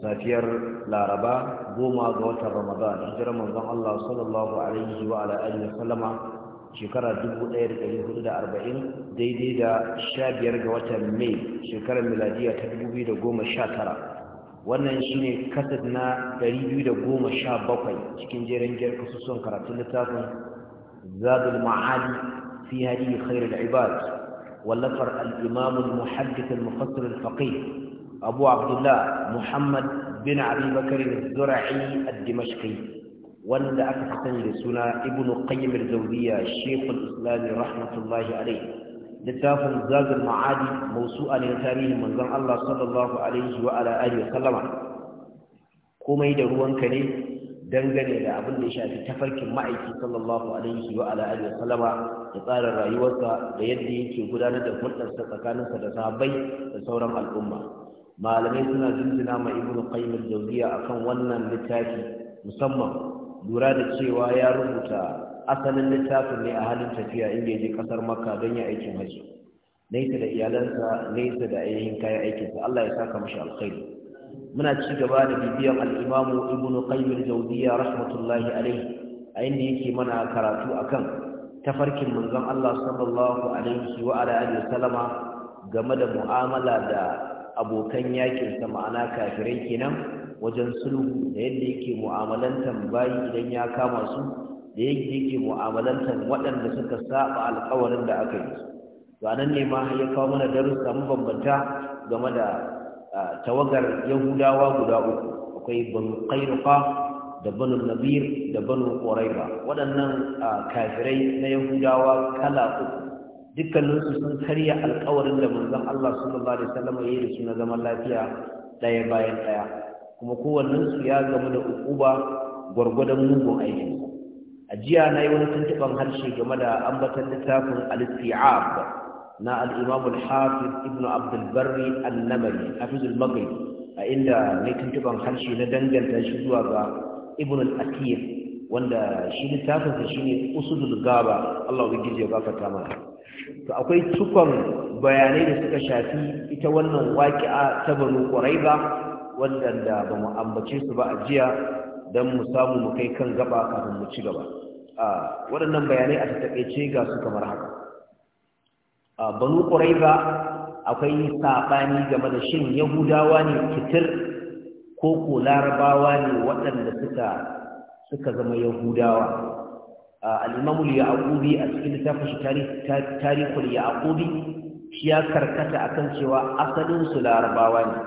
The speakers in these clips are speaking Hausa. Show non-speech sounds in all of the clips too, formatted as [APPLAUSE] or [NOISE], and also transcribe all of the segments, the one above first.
safiyar laraba goma ga watan ramadan hijirar manzon Allah sallallahu alaihi wa ala alihi sallama shekara 1440 daidai da 15 ga watan mai shekarar miladiya ta 2019 wannan shine kasad na 217 cikin jerin jerin kasusun karatun littafin zadul ma'ali fi hadi khairul ibad wallafar al-imam al-muhaddith al-mufassir al-faqih أبو عبد الله محمد بن أبي بكر الزرعي الدمشقي وند أكثر لسنا ابن قيم الزودية شيخ الإسلام رحمة الله عليه لتاف زاد المعادي موسوعة لتاريخ منظر الله صلى الله عليه وعلى آله وسلم komai da ruwanka ne dangane da abin da ya shafi tafarkin ma'aiki sallallahu alaihi wa ala da rayuwarsa da yadda yake gudanar da hulɗarsa tsakaninsa da sahabbai da sauran al'umma malamai suna jinjina ma ibn qayyim al-jawziya akan wannan littafi musamman lura da cewa ya rubuta asalin littafin ne a halin tafiya inda yaje kasar makka don ya aikin haji nesa da iyalansa nesa da ainihin kayan aikinsa Allah ya saka mashi alkhairi muna ci gaba da bibiyar al-imam ibn qayyim al rahmatullahi alayhi a inda yake mana karatu akan tafarkin manzon Allah sallallahu alaihi wa ala alihi game da mu'amala da abokan yakin sa ma'ana kafirai kenan wajen sulhu da yadda yake mu'amalantan bayi idan ya kama su da yadda yake mu'amalantan waɗanda suka saba alƙawarin da aka yi to anan ne ma ya kawo mana darussa mabambanta game da tawagar yahudawa guda uku akwai banu qainuqa da banu nabir da banu qurayba waɗannan kafirai na yahudawa kala uku dukkaninsu sun karya alkawarin da manzon Allah sallallahu alaihi wasallam ya yi da su na zaman lafiya ɗaya bayan ɗaya kuma kowannensu ya gamu da ukuba gwargwadon mugun aiki a jiya na yi wani tuntuɓen harshe game da ambatan littafin al-isti'ab na al-imam al-hafiz ibnu abdul barri an-namari hafizul maghrib a inda ne tuntuɓen harshe na danganta shi zuwa ga ibnu al-athir wanda shi littafinsa shine usudul gaba Allah ubangiji ya gafarta mana to akwai cikon bayanai da suka shafi ita wannan waƙi'a ta banu ƙuraiba waɗanda ba mu ambace su ba a jiya don mu samu mu kai kan gaba kafin mu ci gaba waɗannan bayanai a taƙaice ga su kamar haka A banu ƙwaraiba akwai saɓani game da shin yahudawa ne kitir ko ko larabawa ne waɗanda suka suka zama yahudawa al-Imam a cikin littafin shi tarihul Yaqubi shi ya karkata akan cewa asalinsu su Larabawa ne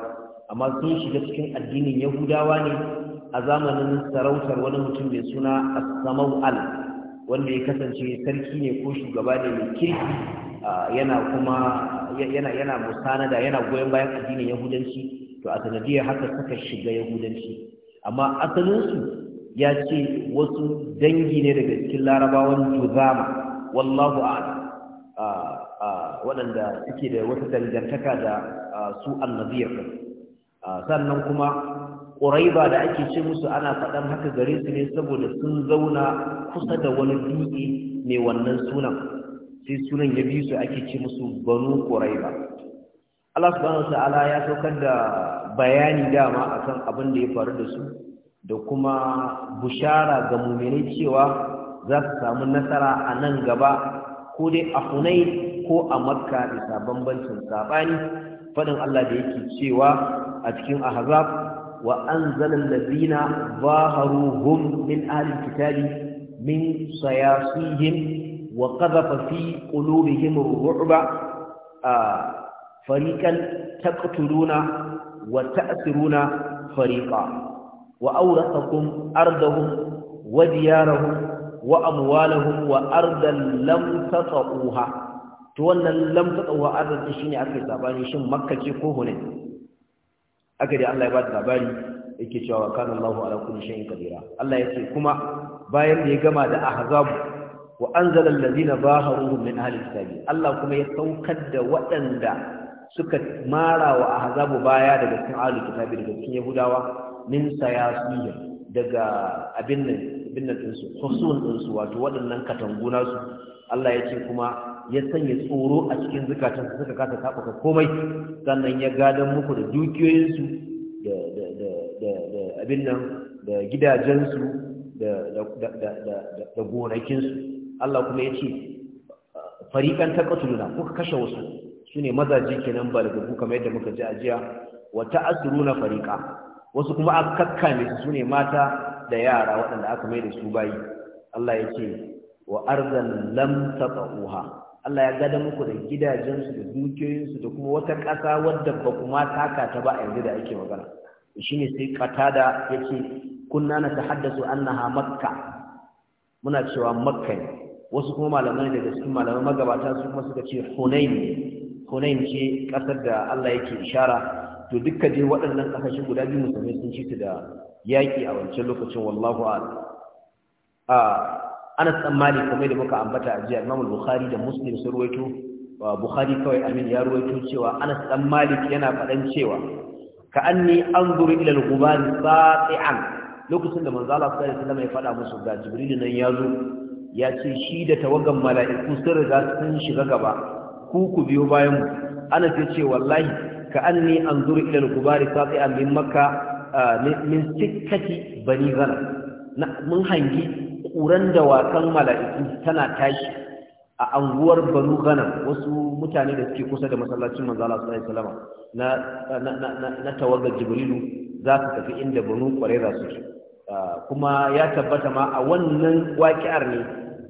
amma sun shiga cikin addinin Yahudawa ne a zamanin sarautar wani mutum mai suna as al wanda ya kasance sarki ne ko shugaba ne mai kirki yana kuma yana yana musanada yana goyon bayan addinin Yahudanci to a sanadiyar haka suka shiga Yahudanci amma asalinsu ya ce wasu dangi ne daga cikin larabawan juzama wallahu a'lam waɗanda suke da wata dangantaka da su annabiyar sannan kuma ƙuraiba da ake ce musu ana faɗan haka gare su ne saboda sun zauna kusa da wani dutse mai wannan sunan sai sunan ya bi su ake ce musu banu ƙuraiba Allah subhanahu wa ta'ala ya saukar da bayani dama akan abin da ya faru da su da kuma bushara ga muminai cewa za su samu nasara a nan gaba ko dai a hunai ko a makka bisa saɓani faɗin Allah da yake cewa a cikin ahzab wa anzalal ladina zaharuhum min ahli kitabi min sayasihim wa qadhafa fi himar ar a fariƙan taqtuluna wa ta'asiruna fariƙa. wa auratakum ardahum wa diyarahum wa amwalahum wa ardan lam tatauha to wannan lam tatauha ardan shine aka sabani shin makka ce ko hunain aka dai Allah ya ba da labari yake cewa kana Allahu ala kulli shay'in qadira Allah yake kuma bayan da ya gama da ahzab wa anzala allazina zaharuhum min ahli kitabi Allah kuma ya saukar da waɗanda suka mara wa ahzabu baya daga cikin ahli kitabi daga cikin yahudawa min sayasiya daga abin nan abin nan dinsu dinsu wato waɗannan katanguna su Allah ya ce kuma ya sanya tsoro a cikin zukatan su suka kasa tafuka komai sannan ya gadan muku da dukiyoyinsu da da abin nan da gidajensu da gonakinsu Allah kuma ya ce fariƙan taƙatuluna kuka kashe wasu su ne mazaje kenan ba daga kuka mai da muka ji ajiya wata asiruna fariƙa wasu kuma aka kakkame su sune mata da yara waɗanda aka mai da su bayi Allah ya ce wa arzan lam taqauha Allah ya gada muku da gidajensu da dukiyoyinsu da kuma wata ƙasa wadda ba kuma taka ta ba a yanzu da ake magana shine sai da yake kunna na haddasa annaha makka muna cewa makka ne wasu kuma malamai ne cikin malamai magabata su kuma suka ce hunain hunain ce ƙasar da Allah yake ishara to duka dai waɗannan ƙasashe guda biyu musulmai sun ci su da yaƙi a wancan lokacin wallahu a Anas dan Malik kamar da muka ambata a jiya Imam Bukhari da Muslim sun ruwaito Bukhari kawai amin ya ruwaito cewa Anas dan Malik yana faɗan cewa ka ni an ila ilal guban sati'an lokacin da manzo Allah sallallahu alaihi ya faɗa musu ga Jibril nan ya zo ya ce shi da tawagan mala'iku sun riga sun shiga gaba ku ku biyo bayan mu Anas ya ce wallahi كأني أنظر إلى الكبار ساطئا من مكة من سكة بني غنم من هنجي ƙuran dawakan mala'iku tana tashi a anguwar banu gana wasu mutane da suke kusa da masallacin manzo Allah sallallahu na na na tawagar jibrilu za su tafi inda banu qurayza suke kuma ya tabbata ma a wannan waƙi'ar ne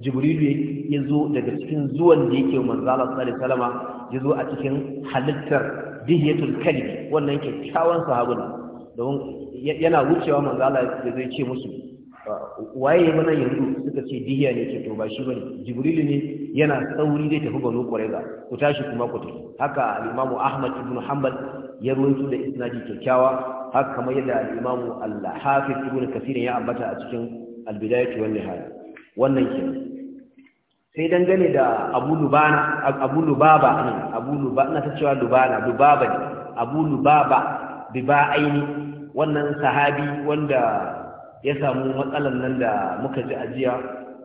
jibrilu ya zo daga cikin zuwan da yake manzo Allah sallallahu alaihi wasallam ya zo a cikin halittar dihiyatul kalbi wannan kyakkyawan sahabun don yana wucewa manzo Allah ya zai ce musu waye wannan yanzu suka ce dihiya ne ke to ba shi bane jibril ne yana sauri zai tafi banu qurayza ku tashi kuma ku tafi haka al-imam ahmad ibn hanbal ya rawaito da isnadi kyakkyawa haka kamar yadda al-imam al-hafiz ibn kasir ya ambata a cikin al-bidayah wan nihaya wannan kenan sai dangane da abu lubana abu lubaba nan, abu lubaba ta cewa lubana lubaba ne abu lubaba biba aini wannan sahabi wanda ya samu matsalan nan da muka ji ajiya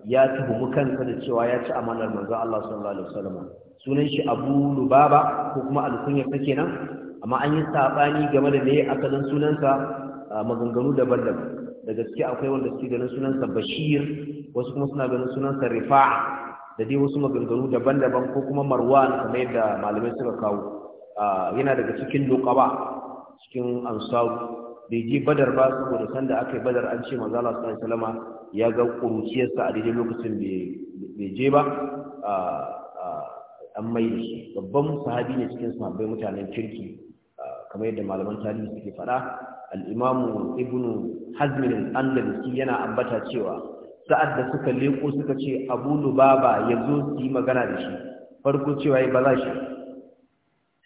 ya tuhumu kansa da cewa ya ci amanar manzo Allah sallallahu alaihi wasallam sunan shi abu lubaba ko kuma alkunya take nan amma an yi sabani game da ne asalin sunansa maganganu daban-daban da gaske akwai wanda suke ganin sunansa bashir wasu kuma suna ganin sunansa rifa'a da dai wasu maganganu daban-daban ko kuma marwan kamar yadda malamai suka kawo yana daga cikin lokaba cikin ansaru bai je badar ba saboda sanda aka yi badar an ce mazala su sallallahu ya ga ƙuruciyarsa a daidai lokacin bai je ba an mai da shi babban sahabi ne cikin sahabbai mutanen kirki kamar yadda malaman tarihi suke faɗa al'imamu, imamu ibnu hazm al yana ambata cewa sa'ad da suka leko suka ce abu lubaba ya zo su yi magana da shi farko cewa ya ba za shi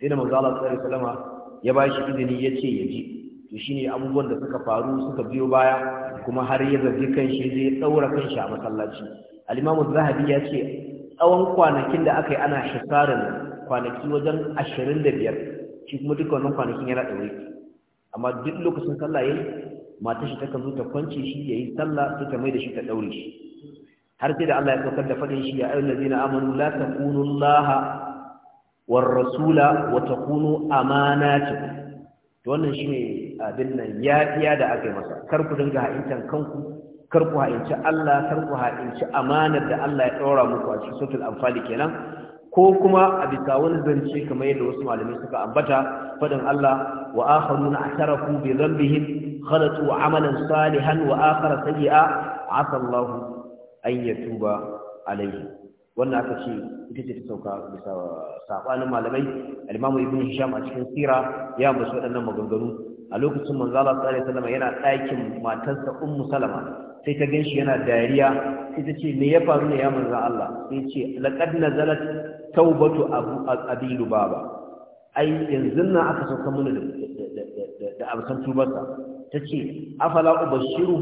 sai da manzo Allah sallallahu salama ya ba shi izini ya ce ya ji to shine abubuwan da suka faru suka biyo baya kuma har ya zargi shi zai kan shi a masallaci Alimamu zahabi ya ce tsawon kwanakin da aka yi ana shisarin kwanaki wajen ashirin da biyar, shi kuma duka wannan kwanakin yana ɗaure amma duk lokacin sallah matar shi takan zo ta kwance shi ya yi sallah sai ta mai da shi ta daure shi har sai da Allah ya saukar da faɗin shi ya ayyuhal ladina amanu la takunu Allah rasula wa amana ce. to wannan ne abin nan yafiya da aka yi masa kar ku dinga ha'intan kanku kar ku ha'inci Allah kar ku ha'inci amanar da Allah ya daura muku a cikin suratul amfani kenan ko kuma a bisa wani zance kamar yadda wasu malamai suka ambata faɗin Allah wa akharuna atarafu bi dhanbihim خلطوا عملا صالحا وآخر سيئا عسى الله أن يتوب عليه wannan aka ce ita ce ta sauka bisa malamai al-Imam Ibn Hisham a cikin sira ya ambaci waɗannan maganganu a lokacin manzo Allah sallallahu alaihi wasallam yana ɗakin matarsa Ummu Salama sai ta ganshi yana dariya sai ta ce me ya faru ne ya manzo Allah sai ce laqad nazalat taubatu abu abi ai yanzu nan aka sauka mana da da da ta ce afala ubashiru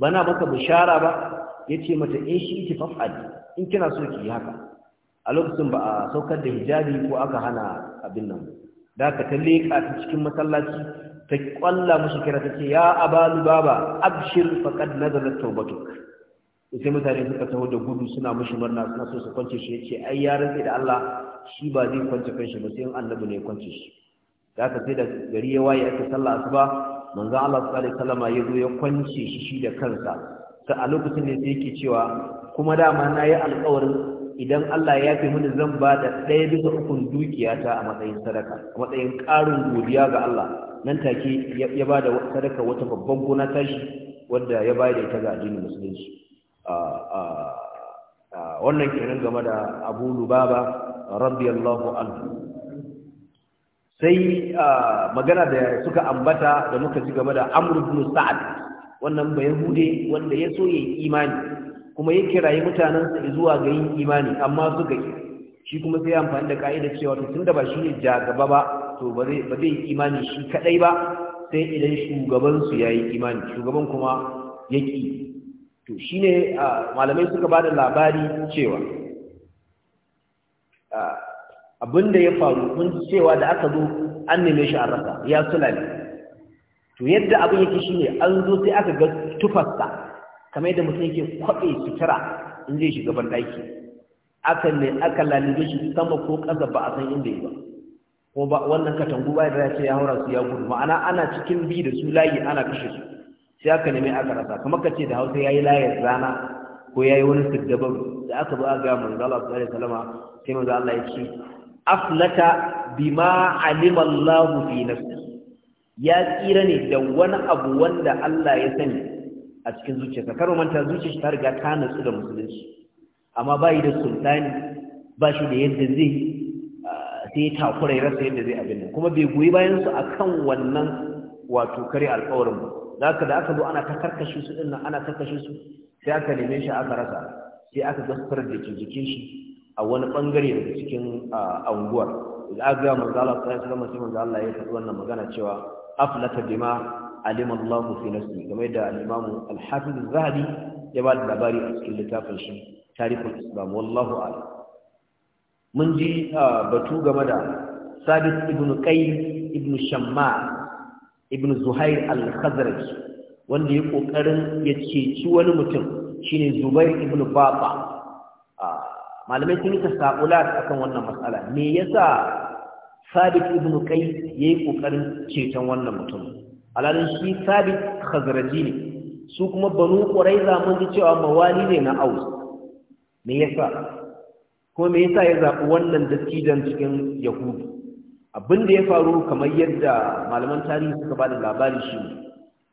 bana maka bishara ba ya ce mata in eh, shi ki faf'ali in kina so ki yi haka a lokacin ba a saukar da hijabi ko aka hana abin nan da ka ta leƙa cikin masallaci ta kwalla mushi kira ta ce ya abalu baba abshir faqad nazalat tawbatuk sai mutane suka taho da gudu suna mushi murna suna so su kwance shi yace ai ya rantsi da Allah shi ba zai kwance kanshi ba sai annabi ne ya kwance shi da ka sai da gari ya waye aka sallah asuba manzo Allah sai kalama ya zo ya kwance shi shi da kansa sai a lokacin ne sai yake cewa kuma dama na yi alƙawarin idan Allah ya fi mini zan ba da ɗaya bisa ukun dukiyata a matsayin sadaka a matsayin ƙarin godiya ga Allah nan take ya ba da sadaka wata babban gona tashi wanda ya bayar da ita ga addinin musulunci wannan kenan game da Abu Lubaba radiyallahu anhu sai magana da suka ambata da muka ci gaba da amur bin sa'ad wannan ba yahude wanda ya so yayi imani kuma ya kirayi mutanansa zuwa ga yin imani amma suka ga shi kuma sai amfani da ka'ida cewa to tunda ba shi ne jagaba ba to ba zai ba imani shi kadai ba sai idan shugaban su yayi imani shugaban kuma yaki to shine malamai suka bada labari cewa da ya faru mun cewa da aka zo an neme shi a rasa ya sulale to yadda abin yake shine an zo sai aka ga tufarsa kamar yadda mutum yake kwaɓe sutura in zai shiga ban ɗaki aka ne aka lalibe shi sama ko ƙasa ba a san inda ya ba ko ba wannan katangu ba da ce ya haura su ya gudu ma'ana ana cikin bi da su layi ana kashe su sai aka neme aka rasa kamar ka ce da hausa ya yi layin rana ko ya yi wani siddabar da aka ba a ga manzala sallallahu alaihi wasallam sai manzo Allah ya ce aflata bima alima fi nafsi ya tsira ne da wani abu wanda Allah ya sani a cikin zuciyarsa karo manta zuciyarsa ta riga ta nasu da musulunci amma bai da sultani ba shi da yadda zai ah, sai takura ya rasa yadda zai abin nan kuma bai goyi bayan su akan wannan wato kare alƙawarin ba zaka da aka zo ana ta karkashe su din nan ana karkashe su sai aka neme shi aka rasa sai aka gaskar da jikin shi a wani bangare daga cikin anguwar da aka ga manzo Allah sallallahu sai manzo Allah ya faɗi wannan magana cewa aflata bima alima Allah fi nafsi kamar da al-Imam al-Hafiz az-Zahabi ya ba da labari a cikin littafin shi Tarihul Islam wallahu a'lam mun ji batu game da Sabit ibn Qayyim ibn Shamma ibn Zuhair al-Khazraj wanda ya kokarin ya ceci wani mutum shine Zubair ibn Baba malamai sun yi tasawulat akan wannan matsala me yasa Sabit ibn ya yi ƙoƙarin ceton wannan mutum alalin shi Sabit Khazraji ne su kuma Banu za mun ji cewa mawali ne na Aus me yasa ko me yasa ya zaɓi wannan dattijan cikin Yahudu abin da ya faru kamar yadda malaman tarihi suka ba da labarin shi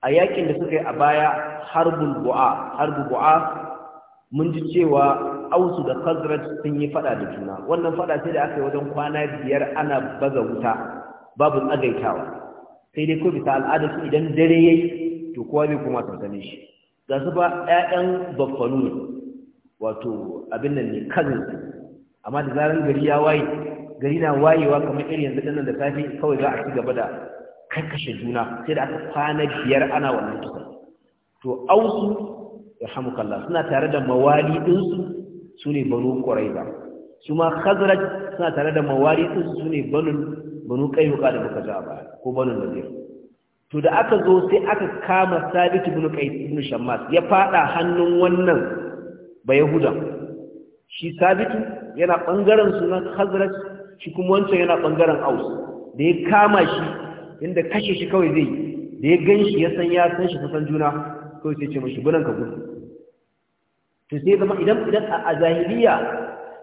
a yakin da suka yi a baya harbul bu'a harbul bu'a mun ji cewa ausu da khazraj sun yi fada da juna wannan fada sai da aka yi wajen kwana biyar ana baza wuta babu tsagaitawa sai dai ko bisa al'ada su idan dare yayi to kowa zai koma tsakanin shi ga su ba ƴaƴan baffanu ne wato abin nan ne kazin amma da zaran gari ya waye gari na wayewa kamar irin yanzu dinnan da safe kawai za a ci gaba da kakkashe juna sai da aka kwana biyar ana wannan kisan to ausu yarhamukallah suna tare da mawali ɗinsu su ne banu ba su ma khazraj suna tare da mawali ɗinsu su ne banu banu qayyuqa da muka ja ba ko banu zai to da aka zo sai aka kama Sabitu ibn qais ibn shammas ya fada hannun wannan ba Yahudan shi sabitu yana bangaren suna khazraj shi kuma wancan yana bangaren aus da ya kama shi inda kashe shi kawai zai da ya gan shi ya san ya san shi kusan juna ko sai ce mashi gunan ka gudu to sai zama idan idan a zahiriya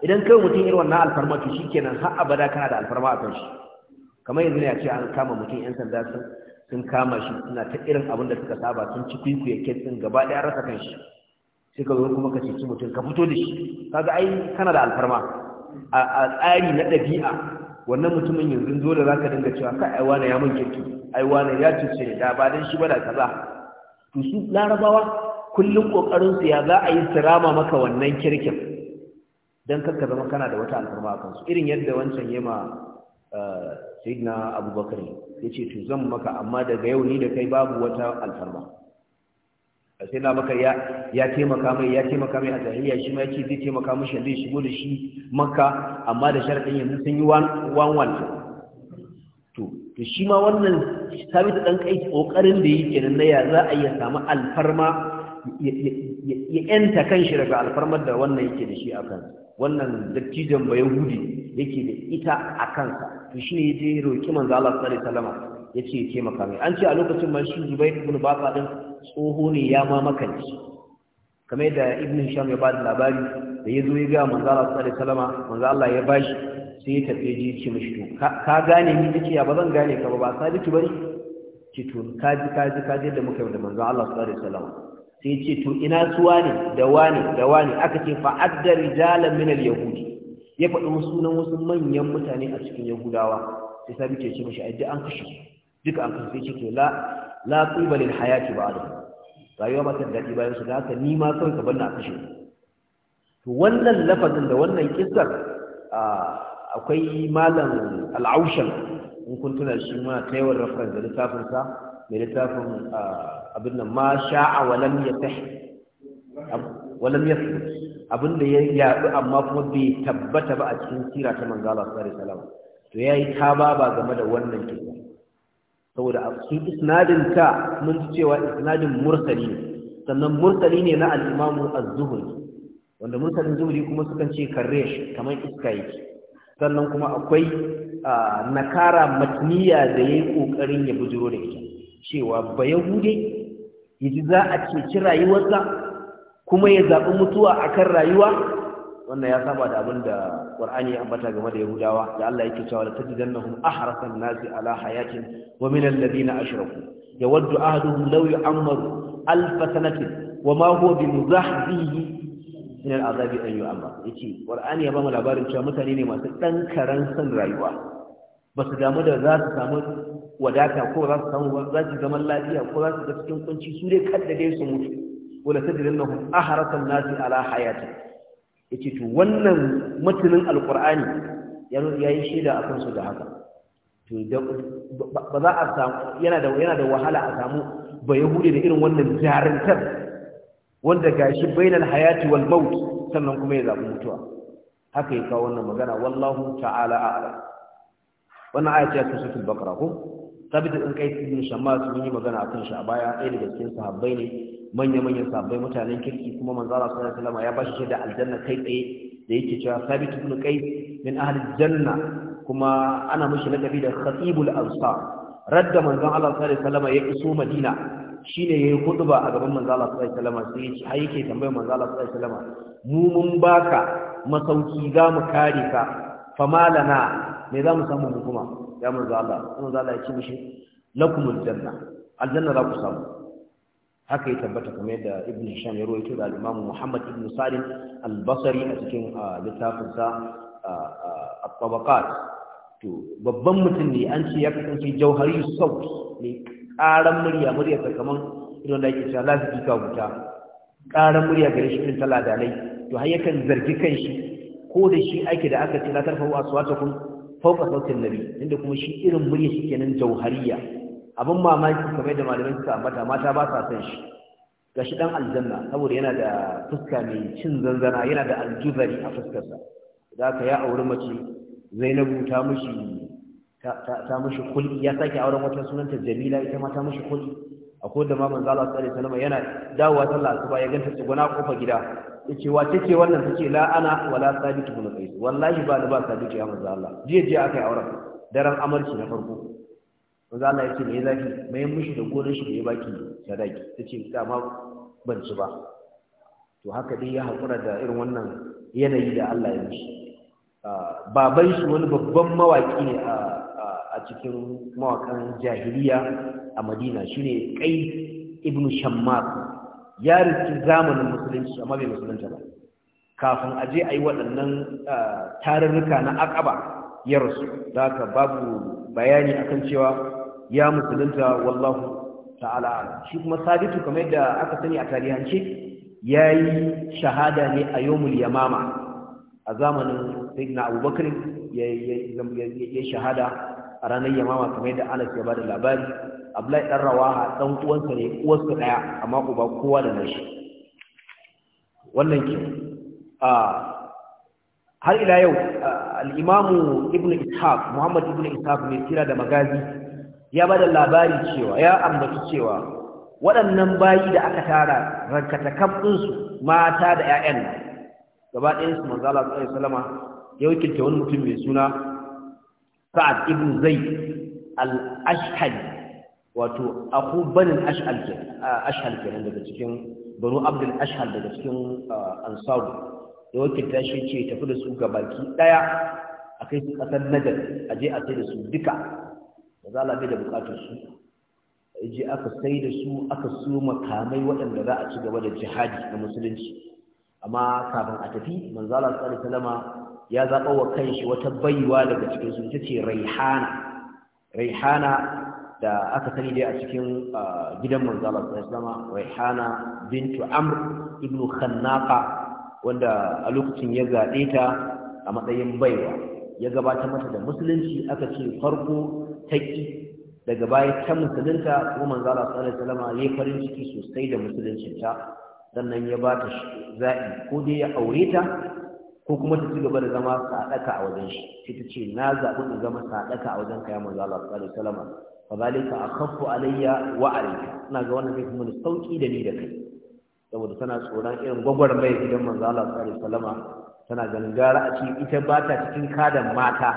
idan kai mutum irin wannan alfarma to shikenan har abada kana da alfarma a kan shi kamar yanzu ne a ce an kama mutum yan sanda sun sun kama shi suna ta irin abin da suka saba sun ci kwikwiye kitsin gaba ɗaya rasa kan shi sai ka zo kuma ka ceci mutum ka fito da shi kaga ai kana da alfarma a tsari na ɗabi'a wannan mutumin yanzu dole za zaka dinga cewa kai ai wani ya mun kirki ai wani ya cuce ni da ba dan shi ba da kaza to su larabawa kullum kokarin su ya za a yi sirama maka wannan kirkin don kakka zama kana da wata alfarma a kansu irin yadda wancan yema eh, sayyidina abubakar ya ce to zan maka amma daga yau ni da kai babu wata alfarma A sai na maka ya taimaka mai ya taimaka mai a tarihiyya shi ma yake zai taimaka mashi shigo da shi makka amma da sharaɗin yanzu sun yi wan to shi ma wannan Sabi da dan kai kokarin da yake nan ya za a iya samu alfarma ya yanta kanshi daga alfarmar da wannan yake da shi a kan wannan dattijan ba yahudi yake da ita a kansa to shine yaje roki manzo Allah sallallahu alaihi wasallam yace ya taimaka mai an ce a lokacin ma shi Zubair ibn Baqa din tsoho ne ya ma makanci kamar da Ibn Hisham ya ba da labari da yazo ya ga manzo Allah sallallahu alaihi wasallam manzo Allah ya bashi sai ya tafi ji ce mashi to ka gane ni ta ce ya ba zan gane ka ba ba sabitu bari ce to ka ji ka ji ka ji da muka yi da manzo Allah sallallahu alaihi wasallam sai ya ce to ina suwa ne da wani da wani aka ce fa adda rijalan min al yahudi ya faɗi sunan wasu manyan mutane a cikin yahudawa sai sabitu ya ce mashi ai an kashe duka an kashe sai ce to la la qiba al hayati ba'da rayuwa ba ta daɗi bayan su da haka ni ma kawai ka banna a kashe to wannan lafazin da wannan kissar ah, akwai malam al'aushan in kun tuna shi ma ta yawan reference da sa, mai littafin abin nan ma sha'a walam ya walam ya abin da ya yaɗu amma kuma bai tabbata ba a cikin sira ta manzala sallallahu alaihi wasallam to yayi ta ba game da wannan kisa saboda a cikin isnadin ta mun ji cewa isnadin mursali ne sannan mursali ne na al-imamu az-zuhri wanda mursalin zuhri kuma sukan ce karresh kamar iska yake sannan kuma akwai nakara matniya da ya yi ƙoƙarin ya bujiro da ita cewa ba yahude ya ji za a ceci rayuwarsa kuma ya zaɓi mutuwa a kan rayuwa wannan ya saba da abin da Qur'ani ya ambata game da Yahudawa da Allah yake cewa la tajidannahum ahrasan nasi ala hayatin wa min alladhina ashraku yawaddu ahaduhum law yu'ammaru alf sanatin wa ma huwa bimuzahzihi min azabi an yu'amma yace qur'ani ya ba mu labarin cewa mutane ne masu dan karan san rayuwa ba su damu da za su samu wadata ko za su samu za su zaman lafiya ko za su ga cikin kunci su dai kadda dai su mutu wala tadrillahum aharasan nasi ala hayati yace to wannan mutumin alqur'ani ya yi shaida a su da haka to ba za a samu yana da yana da wahala a samu ba yahudi da irin wannan jarintar wanda gashi bainal hayati wal maut sannan kuma ya zabi mutuwa haka ya kawo wannan magana wallahu ta'ala a'lam wannan aya ce ta suratul baqara ko sabita din kai ibn shammas mun yi magana akan shi a baya ɗaya daga cikin sahabbai ne manya manyan sahabbai mutanen kirki kuma manzo Allah sallallahu alaihi ya bashi da aljanna kai tsaye da yake cewa sabit ibn qais min ahli janna kuma ana mishi lakabi da khatibul ansar radda manzon Allah sallallahu alaihi wasallam ya iso madina Shi ne shine yayi khutba a gaban Manzala, Allah sallallahu alaihi wasallam sai yace yake tambayar Manzala, Allah sallallahu alaihi wasallam mu mun ba ka masauki za mu kare ka na. me za mu samu mu kuma ya manzo Allah manzo Allah ya ce mishi lakumul janna aljanna za ku samu haka ya tabbata kuma yadda ibn hisham ya rawaito da al-imam muhammad ibn salim al-basri a cikin littafin sa at-tabaqat to babban mutum ne an ce ya kasance jauhari saut ne ƙaran murya murya ta kaman irin da ake cewa za su kika wuta ƙaran murya gare shi irin ta to har yakan zargi kan shi ko da shi ake da aka ce na tarfa wa suwata kun fauka sautin nabi inda kuma shi irin murya shi kenan jauhariya abin mamaki kamar da malamai suka ambata mata ba sa san shi gashi dan aljanna saboda yana da fuska mai cin zanzana yana da aljuzari a fuskarsa da ka ya auri mace zainabu ta mushi. ta mushi kulli ya sake auren wata sunanta jamila ita ma ta mushi kuli akwai da ma manzo Allah sallallahu alaihi wasallam yana dawowa sallah asuba ya ganta tsuguna kofa gida yace wa take wannan take la ana wala sabitu bin qais wallahi ba ni ba sabitu ya manzo Allah jiya jiya akai auren daren amarci na farko manzo Allah yace me zaki mai mushi da gonar shi da ya baki sadaki tace ka ma ban ci ba to haka dai ya hakura da irin wannan yanayi da Allah ya mishi ah, baban shi wani babban mawaki ne a ah, a cikin mawakan jahiliya a madina shine kai ibn shammar ya riki zamanin musulunci amma bai musulunta ba kafin a je a yi waɗannan tarurruka na akaba ya rasu da haka babu bayani akan cewa ya musulunta wallahu ta'ala shi kuma sabitu kamar yadda aka sani a tarihance ya yi shahada ne a yomul yamama a zamanin sayyidina abubakar ya shahada a ranar yamama kamar yadda Anas ya bada labari Abdullahi dan Rawaha dan uwansa ne uwarsa daya amma uba kowa da nashi wannan ke har ila yau al-Imam Ibn Ishaq Muhammad Ibn Ishaq ne kira da magazi ya bada labari cewa ya ambaci cewa waɗannan bayi da aka tara rankatakaf mata da 'ya'yan gaba ɗayansu manzo Allah sallallahu alaihi wasallama ya wakilta wani mutum mai suna sa'ad ibn zaid al wato aku banin ashhal ke uh, ashhal kenan daga cikin banu abdul ashhal daga cikin uh, ansaru ya wakilta shi ce tafi da su gabaki daya akai su kasar najar aje a sai da su duka da za a da bukatar su je aka sai da su aka siyo makamai waɗanda za a ci gaba da jihadi na musulunci amma kafin a tafi manzala sallallahu alaihi wasallama ya zaɓa wa kanshi wata baiwa daga cikin su ita ce raihana raihana da aka sani dai a cikin gidan manzala sallama raihana bintu amr ibnu khannaqa wanda a lokacin ya zaɓe ta a matsayin baiwa ya gabatar mata da musulunci aka ce farko taƙi daga baya ta musulunta kuma manzala sallallahu alaihi wasallam ya farin ciki sosai da ta sannan ya ba ta zaɓi ko dai ya aure ta ko kuma ta ci gaba da zama sadaka a wajen shi sai ta ce na zaɓi in zama sadaka a wajen ka ya manzo Allah sallallahu alaihi wasallam fa zalika akhaffu alayya wa alayka ina ga wannan zai fi mun sauki da ni da kai saboda tana tsoron irin mai gidan manzo Allah sallallahu alaihi wasallam tana ganin a cikin ita ba ta cikin kadan mata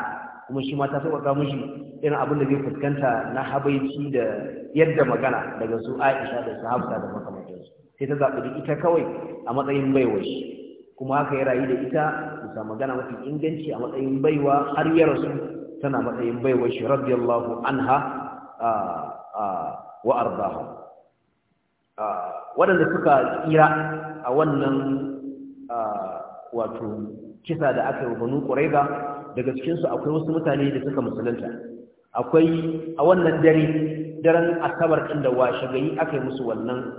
kuma shi mata sauƙaƙa mishi irin abin da zai fuskanta na habaici da yadda magana daga su Aisha da su Hafsa da makamantansu sai ta zaɓi ita kawai a matsayin baiwar shi kuma haka ya rayu da ita bisa magana mafi inganci a matsayin baiwa har ya rasu tana matsayin baiwa shi radiyallahu anha wa ardaha waɗanda suka tsira a wannan wato kisa da aka yi banu ƙuraiba daga su akwai wasu mutane da suka musulunta akwai a wannan dare daren asabar ɗin da washe gari aka yi musu wannan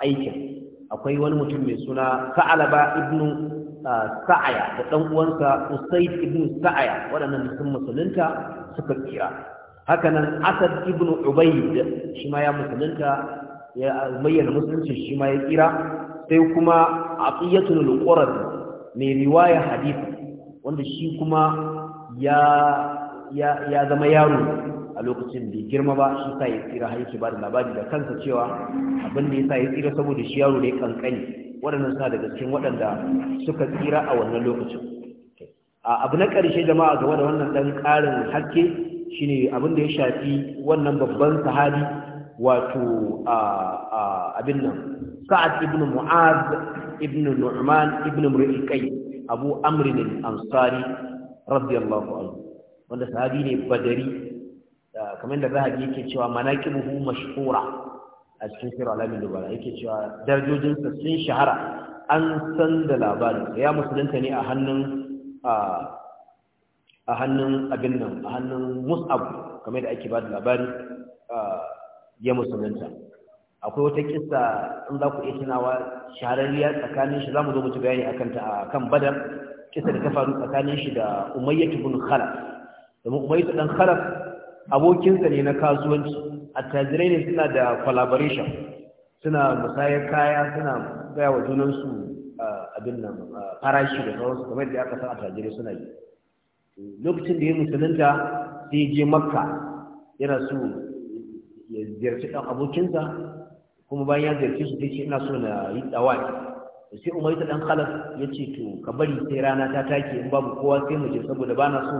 aikin akwai wani mutum mai suna sa'alaba ibnu sa'aya da ɗan uwansa usaid ibnu sa'aya waɗannan mutum musulunta suka kira. haka nan asad ibnu ubayd shi ma ya musulunta ya bayyana musulunci shi ma ya kira. sai kuma aqiyatul qurad mai riwaya hadisi wanda shi kuma ya ya zama yaro a lokacin bai girma ba shi sa ya tsira har yake ba da labari da kansa cewa abin da ya sa ya tsira saboda shi yaro ne kankani waɗannan suna daga cikin waɗanda suka tsira a wannan lokacin abu na ƙarshe jama'a game da wannan ɗan ƙarin haske shine abin da ya shafi wannan babban sahabi wato abin nan sa'ad ibn mu'az ibn nu'man ibn mur'iqai abu amrin al-ansari radiyallahu anhu wanda sahabi ne badari kamar da zahabi yake cewa manaqibuhu mashhura a cikin sirr alamin dubara yake cewa darajojin sa sun shahara an san da labarin ya musulunta ne a hannun a hannun abin nan a hannun mus'ab kamar da ake ba da labari ya musulunta akwai wata kissa in za ku iya tunawa shahararriya tsakanin shi za mu zo mu ci bayani akan ta kan badar kissa da ta faru tsakanin shi da umayyatu bin khalaf domin umayyatu dan khalaf abokinsa ne na kasuwanci attajirai ne suna da collaboration suna musayar kaya suna gaya wa junansu ah, abin nan ah, farashi da sauransu kamar da aka san attajirai suna yi lokacin da ya musulunta sai je makka yana so ya ziyarci ɗan abokinsa kuma bayan ya ziyarci su sai ce ina so na yi tsawaki sai umar ta ɗan khalaf ya ce to ka bari sai rana ta take in babu kowa sai mu je saboda bana na so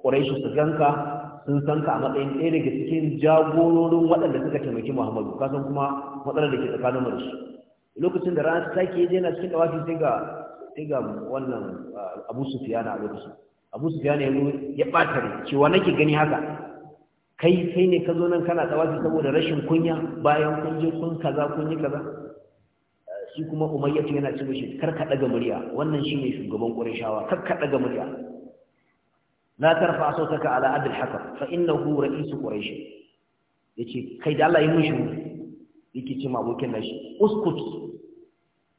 ƙuraishi su ganka sun san ka a matsayin ɗaya daga cikin jagororin waɗanda suka taimaki muhammadu kasan kuma matsalar da ke tsakanin mu da su lokacin da rana ta sake yana cikin dawafi sai ga sai ga wannan uh, abu sufiyana a lokacin abu sufiyana ya zo ya ɓata ne cewa nake gani haka kai kai ne ka zo nan kana dawafi saboda rashin kunya bayan kun je kun kaza kun yi kaza uh, shi kuma umayyatu yana cewa shi karka daga murya wannan shine shugaban qurayshawa kar ka daga murya la tarfa sautaka ala abil hakam fa innahu ra'is quraish yace kai da Allah ya mushi yake ce ma abokin nashi uskut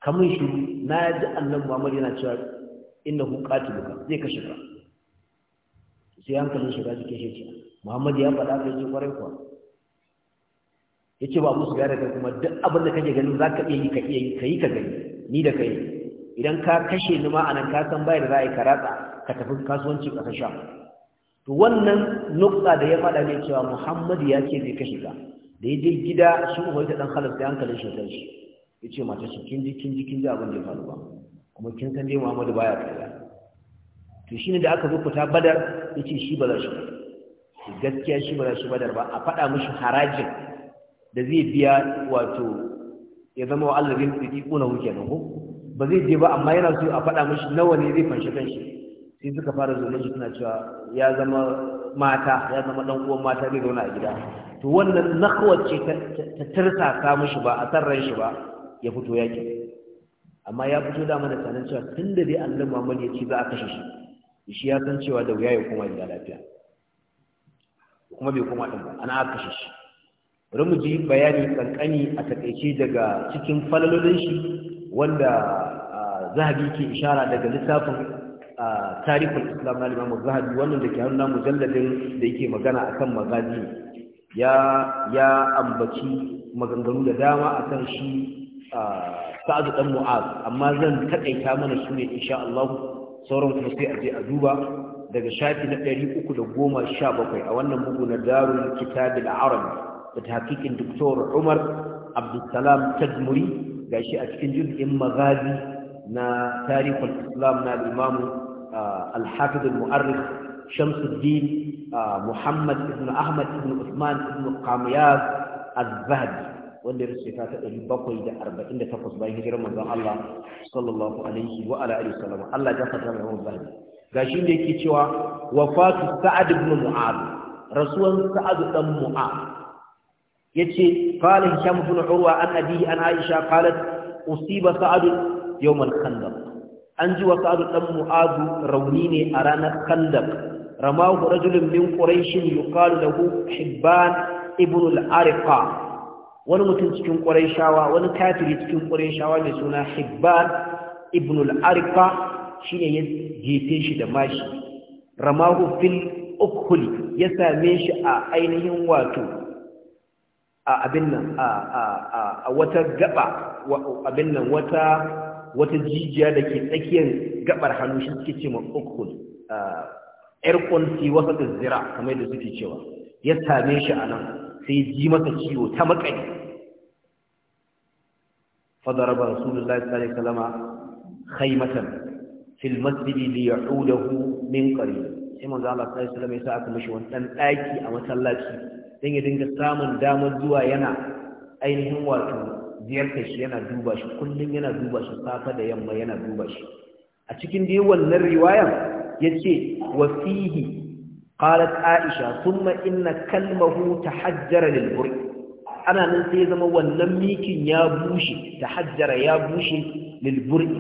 kamun shi na yadda annabi Muhammad yana cewa innahu qatiluka zai kashe ka sai hankalin shi ba ke shi Muhammad ya faɗa kai ji kwarai kuwa yace ba musu gare ka kuma duk abin da kake ganin zaka iya yi ka iya yi kai ka gani ni da kai idan ka kashe ni ma anan ka san bai da za'i karatsa ka tafi kasuwanci ƙasar sha to wannan nukta da ya faɗa ne cewa muhammadu ya ce zai kashe ka da ya je gida shi ubai ta ɗan halarta hankalin shi shi ya ce mata shi kin ji kin ji kin ji abin da ya faru ba kuma kin san dai muhammadu baya kariya to shine da aka zo fita badar ya ce shi ba za shi ba. gaskiya shi ba za shi badar ba a faɗa mishi harajin da zai biya wato ya zama wa Allah zai tsiki kuna hukenan ko ba zai je ba amma yana so a faɗa mishi nawa ne zai fanshi shi? sai suka fara zuwa shi suna cewa ya zama mata ya zama dan uwan mata zai zauna a gida to wannan nakwar ce ta tirsa ka mishi ba a san ran shi ba ya fito yaki amma ya fito da mana tsanin cewa tun da dai Allah Muhammad ya ce za a kashe shi shi ya san cewa da wuya ya koma gida lafiya kuma bai koma din ba ana kashe shi bari mu ji bayani kankani a takaice daga cikin falalolin shi wanda ah, zahabi ke ishara daga lissafin. tarihul islam na limamu zahabi wannan da ke na mujalladin da yake magana akan magazi ya ya ambaci maganganu da dama akan shi sa'adu dan mu'az amma zan takaita mana su ne insha Allah sauran kuma sai a je a duba daga shafi na 317 a wannan bugu na darul kitab al-arabi da tahqiqin doktor Umar Abdulsalam Tadmuri gashi a cikin juz'in magazi na tarihul islam na imamu uh, al-hafiz al-mu'arrikh shamsuddin uh, muhammad ibn ahmad ibn usman ibn qamiyaz az-zahabi wanda ya rufe ta 748 bayan hijirar manzon Allah sallallahu alaihi wa ala alihi wasallam Allah ya fata da wannan zahabi gashi da yake cewa wafatu sa'ad ibn Mu'ad, rasuwan sa'ad dan mu'adh yace qala hisham ibn urwa an abihi an aisha qalat usiba sa'ad yawmal khandaq an ji wa sa'ad dan mu'adu rauni ne a ranar khandaq ramahu rajulun min quraish yuqalu lahu hibban ibn al wani mutum cikin shawa, wani kafiri cikin shawa mai suna hibban ibn al shi shine ya jefe shi da mashi ramahu fil ukhuli ya same shi a ainihin wato a abin nan a wata gaba abin nan wata wata jijiya da ke tsakiyar gabar hannu shi suke ce ma ukul yar kunsi wasa da zira kamar yadda suke cewa ya same shi a nan sai ji masa ciwo ta makani fadaraba rasulullahi sallallahu alaihi wasallam khaymatan fil masjid li ya'udahu min qarib sai manzo Allah sallallahu alaihi wasallam ya sa aka mishi wani dan daki a masallaci dan ya dinga samun damar zuwa yana ainihin wato ziyarta shi yana duba shi kullum yana duba shi safa da yamma yana duba shi a cikin dai wannan riwayan yace wa fihi qalat aisha thumma inna kalmahu tahajjara lil burq ana nan sai ya zama wannan mikin ya bushe tahajjara ya bushe lil burq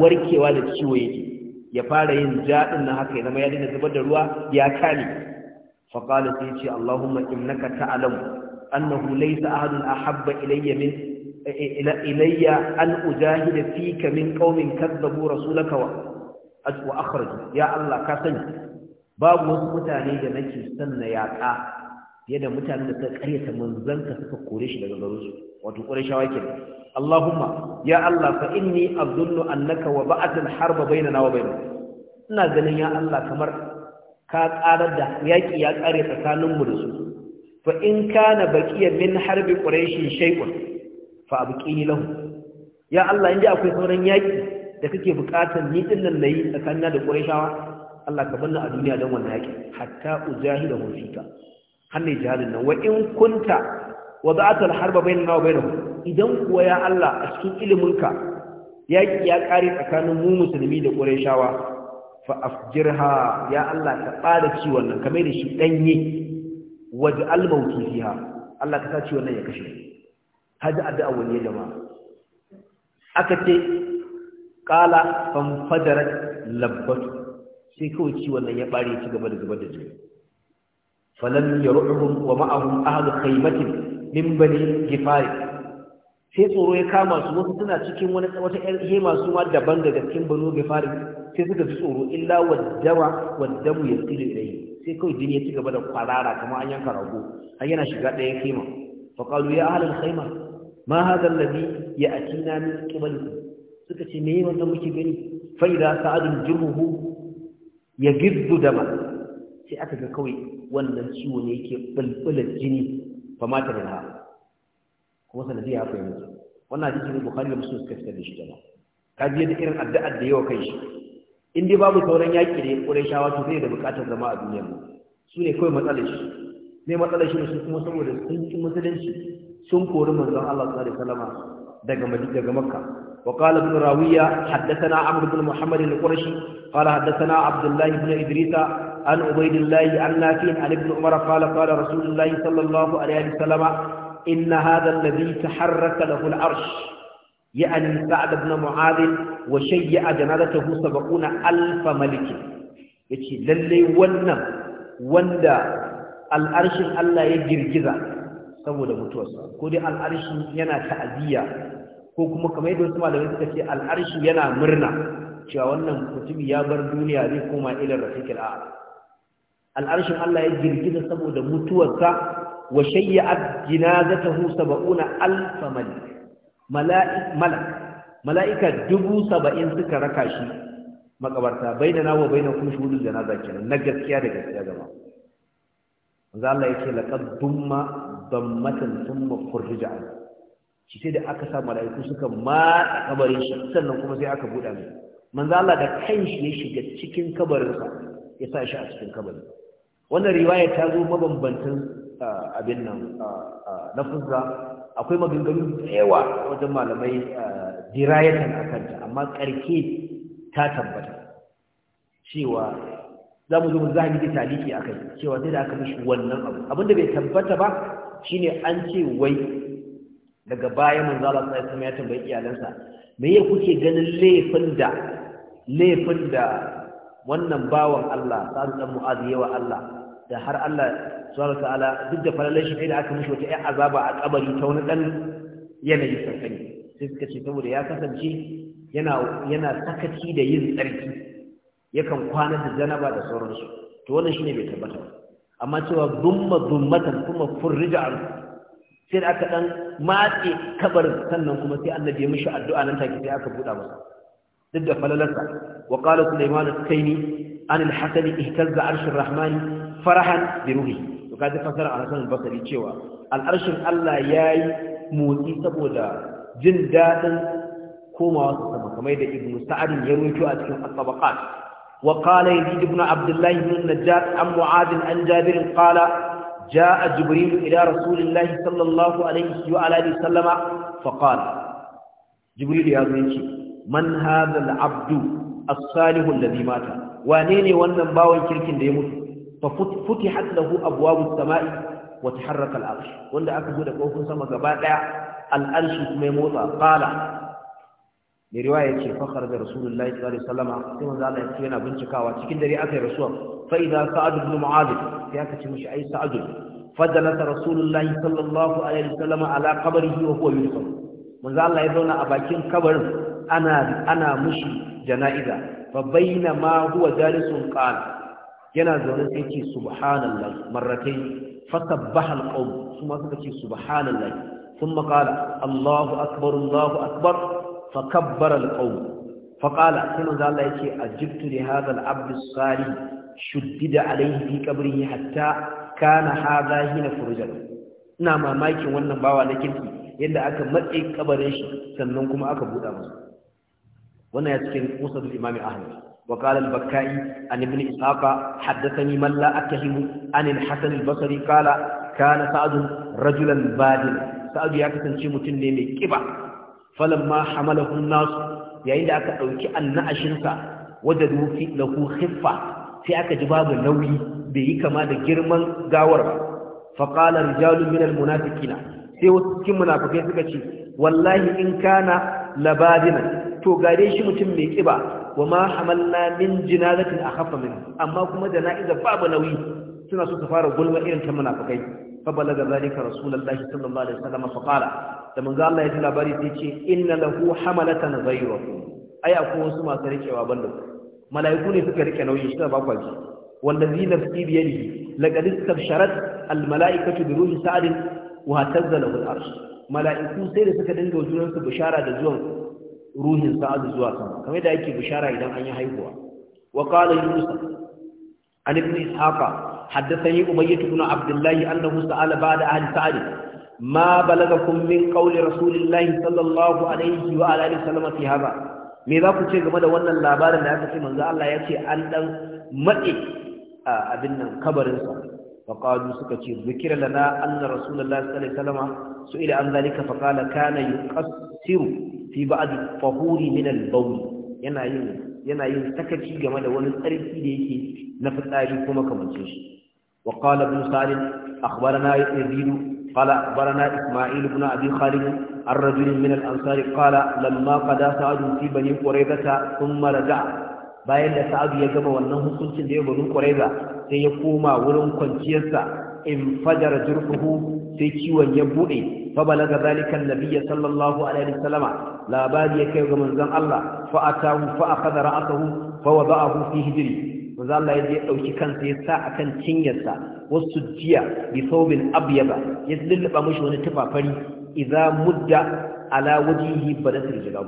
warkewa da ciwo yake ya fara yin jadin nan haka ya zama ya dinga zubar da ruwa ya kale fa qala sai ce allahumma innaka ta'lamu annahu laysa ahadun ahabba ilayya min ilayya an ujahida fika min qaumin kadzabu rasulaka wa wa akhraju ya Allah ka sani babu wasu mutane da nake sanna yaƙa fiye da mutanen da suka ƙaryata manzanka suka kore shi daga garinsu wato ƙurashawa ke Allahumma ya Allah fa inni azunnu annaka wa ba'atul harba bainana wa baina. ina ganin ya Allah kamar ka ƙarar da yaƙi ya ƙare tsakaninmu da su fa in kana baqiya min harbi quraish shay'un fa abqini lahu ya Allah inda akwai sauran yaki da kake bukatar ni din nan nayi tsakanina da quraishawa Allah ka banna a duniya don wannan yaki hatta ujahida hu fika hanne jihadin nan wa in kunta wada'at al-harba bainana wa bainahum idan kuwa ya Allah a cikin iliminka yaki ya kare tsakanin mu musulmi da quraishawa fa afjirha ya Allah ka bada ciwon nan kamar da shi danye waje almauti fiha Allah ka sace wannan ya kashe haji addu'a ya jama'a aka ce qala fam fadarat labbatu sai ko ci wannan ya bare ci gaba da zubar da jini falam yaruhum wa ma'ahum ahlu khaymatin min bani gifar sai tsoro ya kama su wasu suna cikin wani wata ƴar hema su ma daban daga cikin bano gifar sai suka ji tsoro illa waddawa waddamu yasilu ilayhi sai kawai jini ya ci gaba da kwarara kamar an yanka rago har yana shiga ɗayan kima fa qalu ya ahlul khayma ma hadha alladhi ya'tina min qiblikum suka ce me wanda muke gani fa idza sa'adul jurhu yajiddu dama sai aka ga kawai wannan ciwo ne yake bulbular jini fa mata da ha kuma sanadi ya fahimta wannan hadisi ne bukhari da muslim suka fitar da shi jama'a kaji da irin addu'ar da yawa kai shi in dai babu sauran yaƙi da ƙurayshawa to zai da buƙatar zama a duniyar su ne kawai matsalar shi ne matsalar shi su kuma saboda sun ci musulunci sun kori manzon Allah sallallahu alaihi wasallam daga madina daga makka وقال ابن راوية حدثنا عمرو بن محمد القرشي قال حدثنا عبد الله بن إدريس عن an الله an نافع عن ابن عمر قال قال رسول الله صلى الله عليه وسلم إن هذا الذي يعني سعد بن معاذ وشيع جنازته سبقون maliki? Yace يتي wannan wanda al'arshin Allah ya girgiza saboda mutuwarsa ko dai al'arshi yana ta'aziyya ko kuma kamar yadda wasu malamai suka ce al'arshi yana murna cewa wannan mutumi ya bar duniya zai koma ilar rafiqil a'la al'arshin Allah ya girgiza saboda mutuwarsa wa shayya jinazatahu 70 alf malik mala'ika dubu saba'in suka raka shi makabarta bai da nawa bai na kuma shudu janaza kenan na gaskiya da gaskiya gaba za Allah ya ce laƙar dumma matan sun makurri ja'al shi sai da aka sa mala'iku suka mata kabarin shi sannan kuma sai aka buɗa mai za Allah da shi ya shiga cikin kabarinsa ya sa shi a cikin kabarin wannan riwaya ta zo mabambantan ah, abin nan na ah, ah, fuzza akwai maganganu da yawa wajen malamai eh, dirayatan a kanta amma ƙarke ta tabbata cewa za mu zo mu zahiri da taliki a kai cewa sai da aka mishi wannan abu abinda bai tabbata ba shine an ce wai daga baya mun zala sai kuma ya tambayi iyalansa me ya kuke ganin laifin da laifin da wannan bawan Allah sa'ad dan mu'azi yawa Allah da har Allah subhanahu ta'ala duk da falalar shi da aka mishi wata ƴan azaba a kabari ta wani dan yanayi sankani sai suka ce saboda ya kasance yana yana sakaci da yin tsarki yakan kwana da janaba da sauransu to wannan ne bai tabbata ba amma cewa dumma dummatan kuma furrija an sai da aka ɗan matse kabarin sannan kuma sai annabi ya mishi addu'a nan take sai aka buɗa masa duk da falalarsa wa qala sulaiman al-kaini an al-hasan ihtazza arshur rahmani farahan bi ruhi to kaji fasara al basri cewa al-arshin Allah yayi motsi saboda jin dadin komawa sama kamar da ibnu sa'ad ya rawaito a cikin at-tabaqat wa qala yazid ibn abdullah ibn najjar an mu'ad an jabir qala جاء جبريل إلى رسول الله صلى الله عليه وعلى وسلم فقال جبريل يا ذنشي من هذا العبد الصالح الذي مات wane ne wannan bawan kirkin da ya mutu fa futihat lahu abwabus samai wa taharraka al-arsh wanda aka bude kofin sama gaba daya al-arsh kuma ya motsa qala ne riwaya yake fakhar da rasulullahi sallallahu alaihi wasallam sai manzo Allah yake yana bincikawa cikin dare aka yi rasuwa fa idza sa'ad ibn mu'adh sai aka ce mishi ai sa'ad fadalata rasulullahi sallallahu alaihi wasallam ala qabrihi wa huwa yusuf manzo Allah ya zauna a bakin kabarin ana ana mushi jana'iza fa baina ma huwa jalisun qala yana zaune sai ce subhanallahi marratai fa sabbaha alqawm kuma suka ce subhanallahi ثم قال الله أكبر الله أكبر فكبر القوم فقال كما قال الله يكي أجبت لهذا العبد الصالح شدد عليه fi قبره hatta kana هذا هنا فرجا ina mamakin wannan bawa na kirki yadda aka matse kabarin shi sannan kuma aka buɗa masa wannan ya cikin musnad imam ahmad وقال البكائي عن ابن إسحاق حدثني من لا أتهم عن الحسن البصري قال كان سعد رجلا بادلا سعد يكتن شي متن كبا فلما حمله الناس yayin da aka dauki annashinsa wajadu fi lahu khiffa sai aka ji babu nauyi bai yi kama da girman gawar ba fa qala rijalun minal munafiqina sai wasu cikin munafikai suka ce wallahi in kana labadina to gare shi mutum mai kiba wa ma hamalna min jinazatin akhaffa min amma kuma da jana'iza babu nauyi suna so ta fara gulma irin ta munafikai fa balaga zalika rasulullahi sallallahu alaihi wasallam fa qala da manzo Allah ya ji labari sai ce inna lahu hamalatan ghayruhu ai akwai wasu masu rikewa banda ku mala'iku ne suka rike nauyi shi ba kwaji wallazi nafsi bi yadihi laqad istabsharat al mala'ikatu bi ruhi sa'd wa hatazzalahu al arsh mala'iku sai da suka dinga junan su bishara da zuwan ruhin sa'ad zuwa sama kamar da yake bishara idan an yi haihuwa wa qala yunus an ibn ishaqa haddathani umayyah ibn abdullah annahu sa'ala ba'da ahli sa'ad ma balagakum min qawli rasulillahi sallallahu alaihi wa alihi wasallam fi hadha me za ku ce game da wannan labarin da aka ce manzo Allah ya ce an dan matse abin nan kabarin sa suka سكتي ذكر لنا أن رسول الله صلى الله عليه وسلم سئل عن ذلك فقال كان يقصر fi ba'd fahuri min al-bawl yana yin yana yin game da wani tsarki da yake na fitsari kuma kamancin shi wa qala ibn salim akhbarana yazid qala akhbarana isma'il ibn abi khalid ar-rajul min al-ansar qala lamma qada sa'd fi bani qurayza thumma bayan da sa'adu ya gama wannan hukuncin da ya bari ƙwararra sai ya koma wurin kwanciyarsa in fajar jirkuhu sai ciwon ya buɗe fa balaga zalikan nabiyya sallallahu alaihi wasallama labari ya kai ga manzon Allah fa atahu fa akhadha ra'atahu fa wada'ahu fi hijri manzon Allah ya dauki kansa ya sa akan cinyarsa wasu jiya bi thawbin abyaba ya lullaba mishi wani tufafari idza mudda ala wajhihi badatul jilab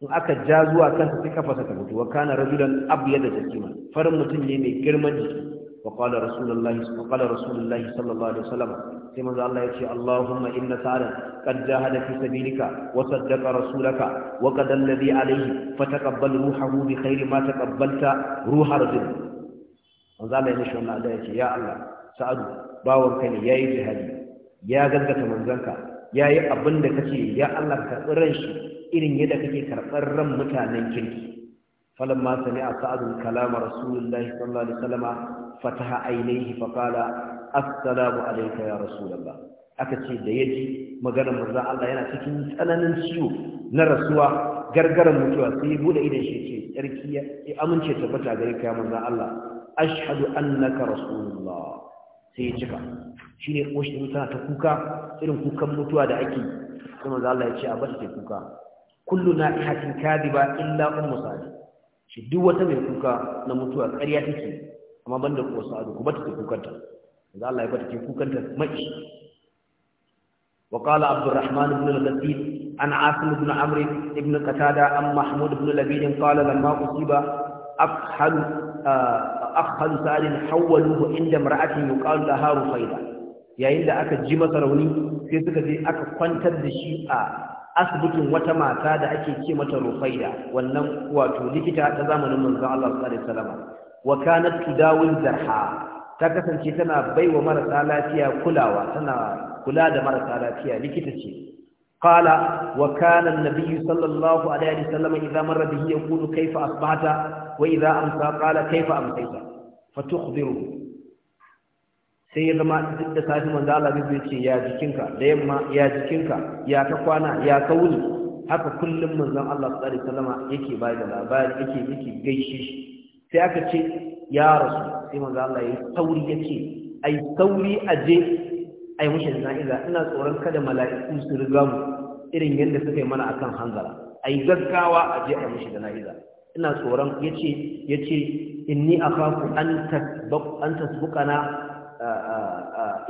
in aka ja zuwa kansa sai kafa ta mutu wa kana rajulan abyada jasima farin mutum ne mai girman jiki wa qala rasulullahi sallallahu alaihi wasallam sai manzo Allah ya ce Allahumma inna sa'adan qad jahada fi sabilika wa saddaqa rasulaka wa qad alladhi alayhi fataqabbal ruhahu bi khairi ma taqabbalta ruha rajul manzo Allah ya ce wannan da ya ce ya Allah sa'adu bawon ka ne yayi jihadi ya gaggata manzanka yayi abin da kace ya Allah ka ran shi irin yadda kake karɓar ran mutanen kirki falamma sami'a sa'adu kalama rasulullahi sallallahu alaihi wasallama fataha ainihi faqala assalamu alaika ya rasulullah aka ce da yaji maganar manzon Allah yana cikin tsananin ciwo na rasuwa gargaran mutuwa sai bude idan shi ce tsarki ya amince tabbata gare ka manzon Allah ashhadu annaka rasulullah sai ya cika shine koshin tana ta kuka irin kukan mutuwa da ake kuma manzon Allah ya ce a bata ta kuka kullu na'ihatin kadiba illa ummu Sadi. shi duk wata mai kuka na mutuwa ƙarya take amma banda ko sa'adu ko bata ta kukanta manzo Allah ya bata cikin kukan ta maki wa qala abdurrahman ibn al-qasid an asim ibn amr ibn qatada an mahmud ibn labid qala lamma usiba afhal ah, afhal sa'alin hawwaluhu inda mar'atin yuqalu laha rufaida yayin da aka ji masa rauni sai suka je aka kwantar da shi a asibitin wata mata da ake ce mata rufaida wannan wato likita ta zamanin manzon Allah sallallahu alaihi wasallam wa kanat zarha ta kasance tana baiwa marasa lafiya kulawa tana kula da marasa lafiya likita ce qala wa kana an sallallahu alaihi wa sallam! wasallam idza marra bihi yaqulu kayfa asbahta wa idza amsa qala kayfa amsayta fatukhbiru sai ya zama duk da safi manzo Allah zai ce ya jikinka da yamma ya jikinka ya ka kwana ya ka wuni haka kullum manzon Allah sallallahu alaihi wasallam yake bayar da labari yake yake gaishe shi sai aka ce ya rasu sai manzo Allah ya sauri yace ai sauri aje ai mushe jana'iza ina tsoron kada mala'iku su riga mu irin yadda suka yi mana akan hanzara ai gaggawa je ai mushe jana'iza ina tsoron yace yace inni akhafu an tasbaq an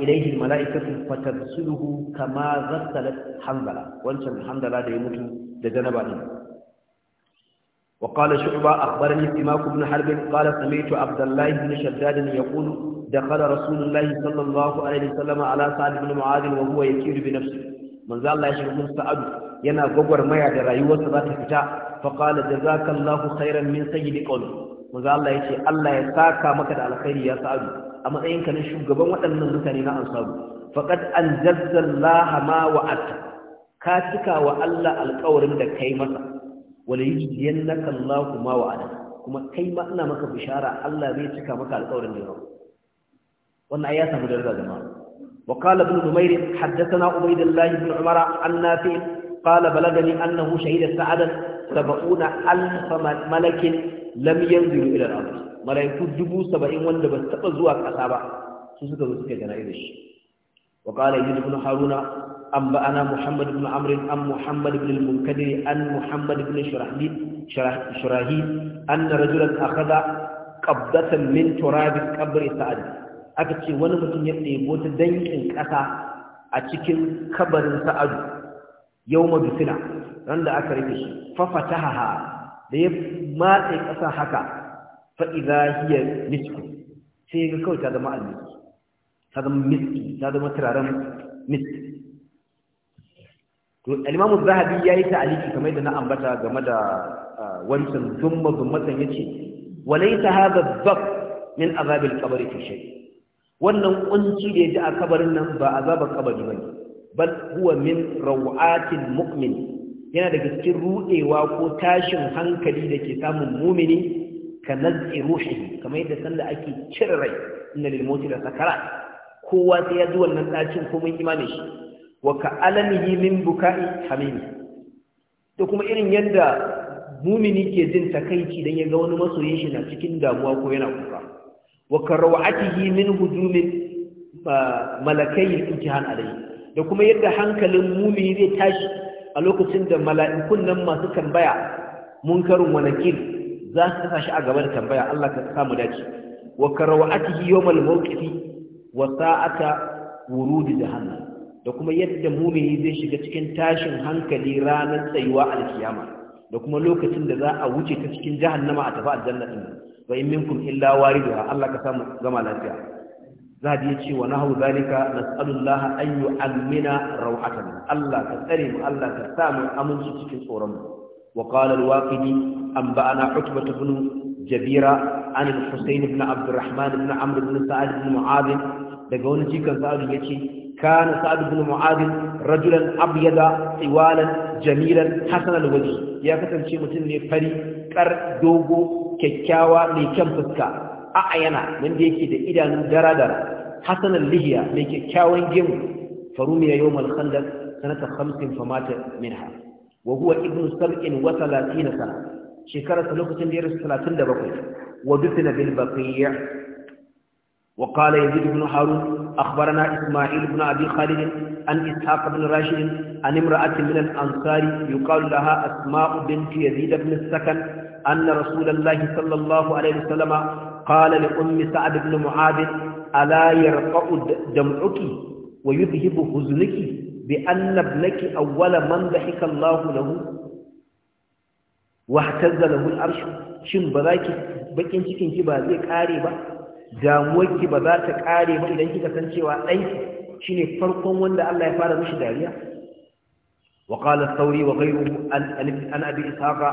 ilaihi mala'ikatu fatabsuluhu kama ghassalat hanzara wancan hanzara da ya mutu da janaba ne. وقال شعبة أخبرني سماك بن حرب قال سمعت عبد الله بن شداد يقول دخل رسول الله صلى الله عليه وسلم على سعد بن معاذ وهو يكيد بنفسه من ذا الله يشرب سعد ينا غبر ما يدر رأيوة ذات فتاة فقال جزاك الله خيرا من سيد قول من ذا الله يشي الله يساكا مكد على خير يا سعد أما أين كان الشوق بموتا من مكاننا أنصاب فقد أنجز الله ما وعدت كاتك وألا القول من كيمته wala yujziyannaka Allahu ma wa'ada kuma kai ma ina maka bishara Allah zai cika maka alƙawarin da yau wannan ya samu daraja jama'a wa qala ibn numair haddathana ubaydullah ibn umara an nafi qala balagani annahu shahida sa'adan 70 alf malakin lam yanzilu ila al-ard malaiku 70 wanda ba su taba zuwa kasa ba su suka zo suka gana da shi وقال يزيد بن هارون أنبأنا محمد بن عمرو أم محمد بن المنكدر أن محمد بن شراهيل شراهيل أن رجلا أخذ قبضة من تراب قبر سعد أكتشي وانا متن يبني بوت دنك أسا أتشكل قبر سعد يوم بسنة عند أكرمش ففتحها ليب ما تكسا حكا فإذا هي نسك سيكون هذا ما المسك ta zama miski ta zama turaren miski to al-imamu ta'aliki kamar da na ambata game da wancan zumma zummatan yace ta hadha dhab min azab al-qabr fi wannan kunci da ji a kabarin nan ba azabar kabari bane bal huwa min rawatil mu'min yana da cikin rudewa ko tashin hankali da ke samun mumini ka naz'i ruhi kamar yadda sallah ake cire rai inna lil da sakara kowa sai ya ji wannan ɗacin mun imanin shi wa ka alamihi min buka'i hamimi da kuma irin yadda mumini ke jin takaici dan ya ga wani masoyin shi na cikin damuwa ko yana kuka wa ka rawatihi min hujumin malakai imtihan alayhi da kuma yadda hankalin mumini zai tashi a lokacin da mala'ikun nan masu tambaya munkarin wa za su tashi a gaban tambaya Allah ka samu dace wa ka yawmal mawqifi wa sa'ata wurudi jahannam da kuma yadda mumini zai shiga cikin tashin hankali ranar tsayuwa alkiyama da kuma lokacin da za a wuce ta cikin jahannama a tafi aljanna din wa in minkum illa wariduha Allah ka samu gama lafiya zabi ya ce wa nahu zalika nas'alullaha an yu'ammina rawatan Allah ka tsare mu Allah ka samu aminci cikin tsoron mu wa qala al an ba'ana utbah ibn jabira an al-Husayn ibn Abdurrahman ibn Amr ibn Sa'ad ibn Mu'adh daga wani jikan ya ce kana Sa'ad ibn Mu'adh rajulan abyada tiwalan jamilan hasan al ya kasance mutum ne fari kar dogo kyakkyawa mai kyan fuska a ayana wanda yake da idanun daradara hasan al-lihiya mai kyakkyawan gemu farumiya yawm al-khandaq sanata 50 famata minha Ibn ابن سبع وثلاثين سنة شكرة لوكة ديرس ثلاثين دبقي ودفن بالبقية وقال يزيد بن هارون أخبرنا إسماعيل بن أبي خالد عن إسحاق بن راشد عن امرأة من الأنصار يقال لها أسماء بنت يزيد بن السكن أن رسول الله صلى الله عليه وسلم قال لأم سعد بن معاذ ألا يرقع دمعك ويذهب حزنك بأن ابنك أول من ضحك الله له wahtazza lahul arsh shin ba zaki bakin cikin ki ba zai kare ba damuwar ki ba za ta kare ba idan kika san cewa dai shine farkon wanda Allah ya fara mishi dariya wa qala thawri wa ghayruhu an alif an abi ishaqa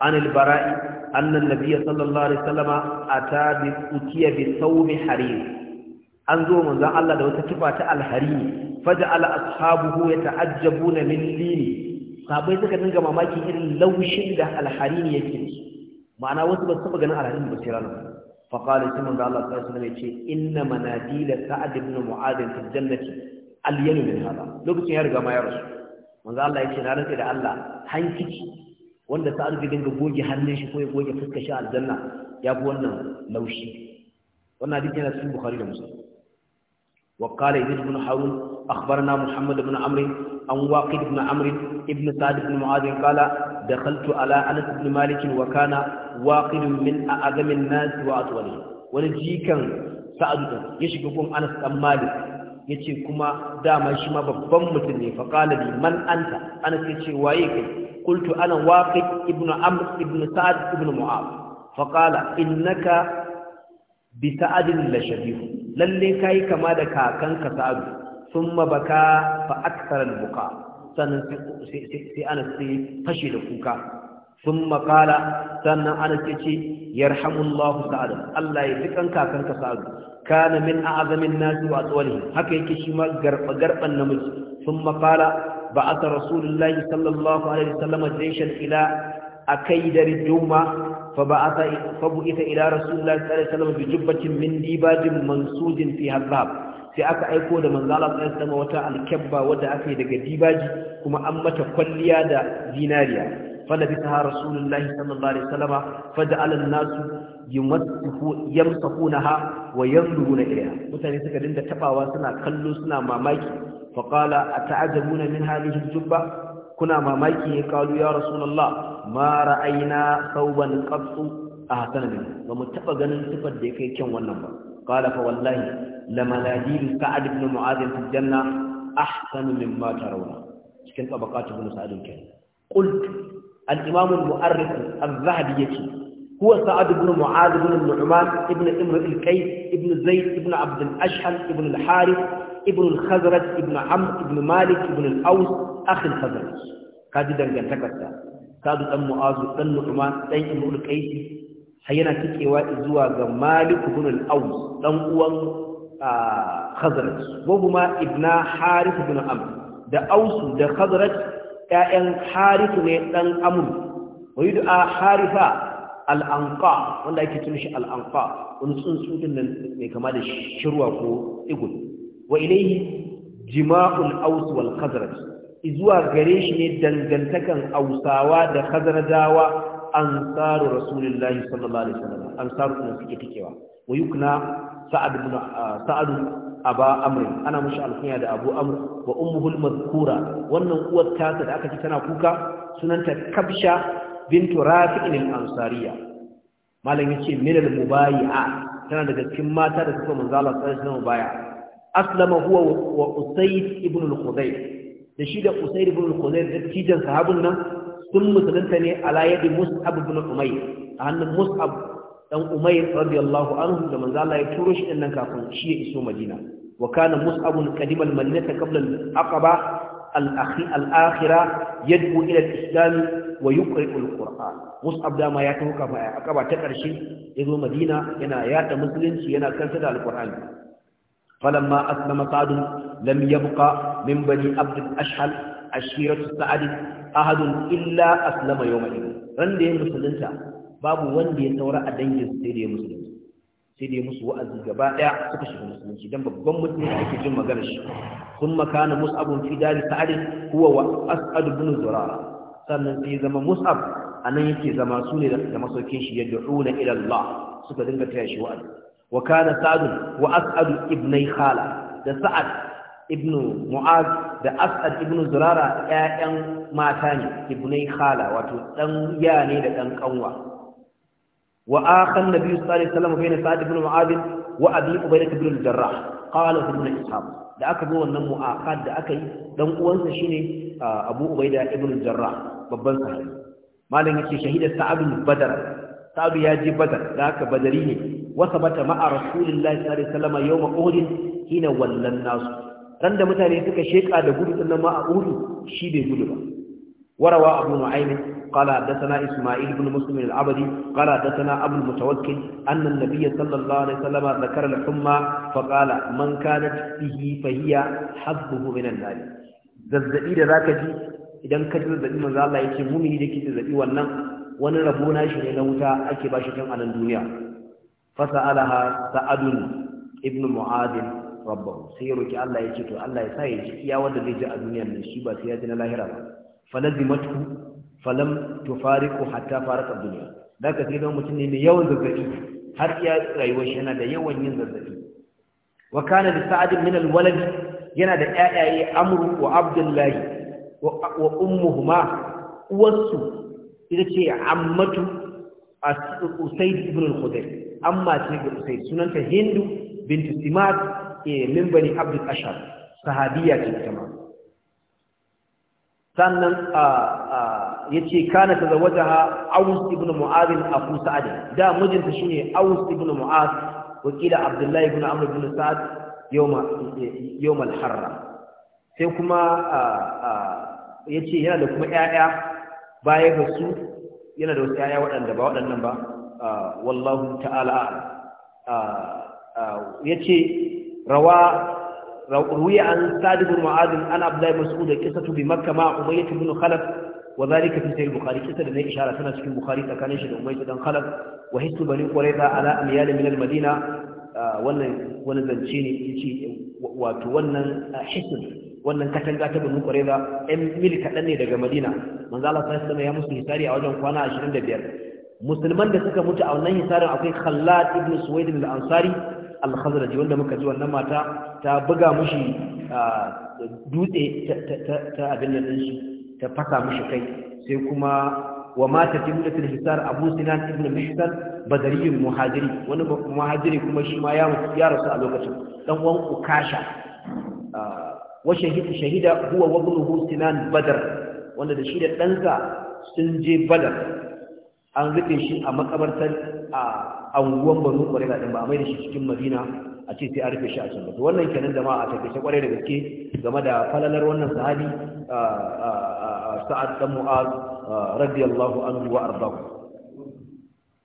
an al-bara'i anna an-nabiy sallallahu alaihi bi thawm harir an zo manzo Allah da wata kifa ta al-harir faja'ala ashabuhu yata'ajjabuna min lini sabai suka dinga mamaki irin laushin da alhari ya yake da shi ma'ana wasu ba su taba ganin alhari ba sai ranar fa qala sunan da Allah sai sunan yace inna manadila sa'ad ibn mu'adh fi jannati ya min hada lokacin ya riga ma ya rasu manzo Allah yace na rike da Allah hankici wanda sa'ad bi dinga goge hannun shi ko ya goge fuskar shi aljanna ya fi wannan laushi wannan hadisi yana cikin bukhari da muslim وقال ابن بن حول أخبرنا محمد بن عمر أن واقد بن عمر ابن سعد بن معاذ قال دخلت على أنس بن مالك وكان واقد من أعظم الناس وأطوله ونجي كان سعد يشكبون أنس بن مالك yace kuma dama shi ma babban mutum ne fa qala li man ana ce ce waye kai qultu ana waqid ibnu amr ibnu sa'd ibnu mu'ab fa qala innaka bi sa'd la shabihu lalle yi kama da kakanka sa'adu thumma baka fa akthara al-buka sannan sai ana sai fashi da kuka Sun qala sannan ana ce ce lahu sa'adu Allah ya fi dukan kakanka sa'adu kana min a a'zamin nasi a atwalihi haka yake shi ma garba garban namiji thumma qala ba'atha rasulullahi sallallahu alaihi wasallam jayshan ila kai dare juma fa ba'atha fa bu'ita ila rasulullah sallallahu alaihi wasallam bi jubbatin min dibajin mansujin fi hazab sai aka aiko da manzo Allah sallallahu alaihi wasallam wata alkabba wadda aka yi daga dibaji kuma an mata kwalliya da zinariya fa bisa rasulullah sallallahu alaihi wasallam fa ja'ala an-nasu yamsahunaha wa yanzuruna ilayha mutane suka dinga tabawa suna kallo suna mamaki fa qala ata'ajabuna min hadhihi jubba kuna mamaki ya kalu ya rasulullah ma ra'ayna thawban qattu a min ba mu taba ganin sifar da yake kyan wannan ba qala fa wallahi la maladil sa'ad ibn mu'adh fil janna ahsanu mimma tarawna cikin tabaqatu ibn sa'ad kenan qult al-imam al-mu'arrikh az-zahabi yake huwa sa'ad ibn mu'adh ibn nu'man ibn imr al-qays ibn zayd ibn abd al-ashhal ibn al-harith ibn al-khazraj ibn amr ibn malik ibn al-aws akhil fadl ka ji dangantakarsa sa'adu dan mu'azu dan nu'man dan ibnu qaisi har yana tikewa zuwa ga malik ibn al-aws dan uwan khazraj wa huma ibna harith ibn amr da aws da khazraj ƴaƴan harith ne dan amr wa yud'a harifa al-anqa wanda yake tun shi al-anqa wani tsuntsu din nan mai kama da shirwa ko igul wa ilayhi jima'ul aws wal khazraj zuwa gare shi ne dangantakan ausawa da khazarjawa ansaru rasulullahi sallallahu alaihi wasallam ansaru kuma suke tikewa wa yukna sa'ad bin sa'ad aba amr ana mushi alkunya da abu amr wa ummuhu al wannan uwar tasa da aka ci tana kuka sunanta kabsha bintu rafi'in al-ansariya malam yace min al-mubayi'a tana daga cikin mata da suka Manzala, sallallahu alaihi wasallam baya aslama huwa wa usayd ibn al-khudayr da shi da usaid ibn khuzair da tijan sahabun nan sun musulunta ne ala yadi mus'ab ibn umayr a hannun mus'ab dan umayr radiyallahu anhu da manzo Allah ya turo shi nan kafin shi ya iso madina wa kana mus'ab qadima al-madinata qabla al-aqaba al-akhira yad'u ila al-islam wa yuqri'u al-qur'an mus'ab da ma ya taho kafa aqaba ta karshe ya zo madina yana yada musulunci yana kansa da al-qur'ani فلما أسلم سعد لم يبقى من بني عبد الأشحل عشيرة سعد أحد إلا أسلم يومئذ رندي المسلمين babu wanda ya saura a dangin sai da ya musulunci wa'azi gaba ɗaya suka shiga musulunci dan babban mutum da yake jin magana shi kun makana mus'abun fi dari sa'ad huwa wa as'ad ibn zurara sannan sai zama mus'ab nan yake zama sune da masaukin shi yadda ila allah suka dinga taya shi wa'azi wa kana sa'd wa as'ad ibnai khala da sa'ad ibn mu'az da as'ad ibn zurara ƴaƴan mata ne ibnai khala wato dan ya ne da dan kanwa wa akhan nabi sallallahu alaihi wasallam bayna sa'd ibn mu'az wa abi ubaydah ibn al-jarrah qala ibn ishaq da aka bi wannan mu'aqad da aka yi dan uwansa shine ah, abu ubayda ibn al-jarrah babban sahabi malam yace shahida sa'd ibn badr sa'adu ya je badar da haka badari ne bata ma'a rasulillahi sallallahu alaihi wasallam yawma uhud hina wallan nasu ran mutane suka sheka da gudu din ma a uhud shi bai gudu ba warawa abu nu'aymin قال حدثنا إسماعيل بن مسلم العبدي قال حدثنا أبو المتوكل أن النبي صلى الله عليه وسلم ذكر الحمى فقال من كانت به فهي حظه من النار zazzabi da zaka ji idan ka ji zazzabi manzo Allah yake mumini da kike zazzabi wannan wani rabo na shi ne na wuta ake ba shi tun a nan duniya fasa'alaha sa'adun ibn mu'adin rabbahu sai ya roki Allah ya ce to Allah ya sa ya ji iya wanda zai ji a duniyar nan shi ba sai ya ji na lahira ba falazimatu falam tufariqu hatta farqa dunya daga sai dan mutum ne mai yawan zazzabi har iya rayuwar shi yana da yawan yin zazzabi wa kana li sa'ad min yana da ƴaƴaye amru wa Abdullahi, wa ummuhuma uwarsu ita ce ammatu a usaid ibn al-khudayr amma ce ga usaid sunanta hindu bintu simat ke eh, min bani abdul ashar sahabiya ce kuma sannan yace kana tazawajaha aus ibn mu'adh abu sa'ad da mijinta shine aus ibn mu'adh wakila abdullahi ibn amr ibn sa'ad yawma eh, yawm al-harra sai kuma yace yana da kuma 'ya'ya. baya ga su yana da wasu yaya waɗanda ba waɗannan ba wallahu ta'ala ya ce rawa ruwa an sadibin ma'adin an abdullahi masu da kisa tubi makka ma umayya ta bin khalaf wa zalika fi sahih bukhari kisa da ne ishara tana cikin bukhari tsakanin shi da umayya dan khalaf wa hisu bani qurayza ala amyal min al madina wannan wani zance ne yace wato wannan hisin. wannan katanga ta banu ƙwareza ɗan mil kaɗan ne daga madina manzo Allah sai sama ya musu hisari a wajen kwana 25 musulman da suka mutu a wannan hisarin akwai Khallat ibn Suwaid al-Ansari al-Khazraji wanda muka ji wannan mata ta buga mushi dutse ta abin nan shi ta fasa mushi kai sai kuma wa mata jimlatul hisar Abu Sinan ibn Mihsan badariyul muhajiri wani muhajiri kuma shi ma ya rasu a lokacin dan uwan Ukasha wa shahida huwa wa sinan badar wanda da shi da ɗansa sun je badar an rufe shi a makabartar a anguwan banu kwarela din ba a mai da shi cikin madina a ce sai a rufe shi a can ba wannan kenan da ma a tafiye kwarai da gaske game da falalar wannan sahabi sa'ad dan mu'az radiyallahu anhu wa ardahu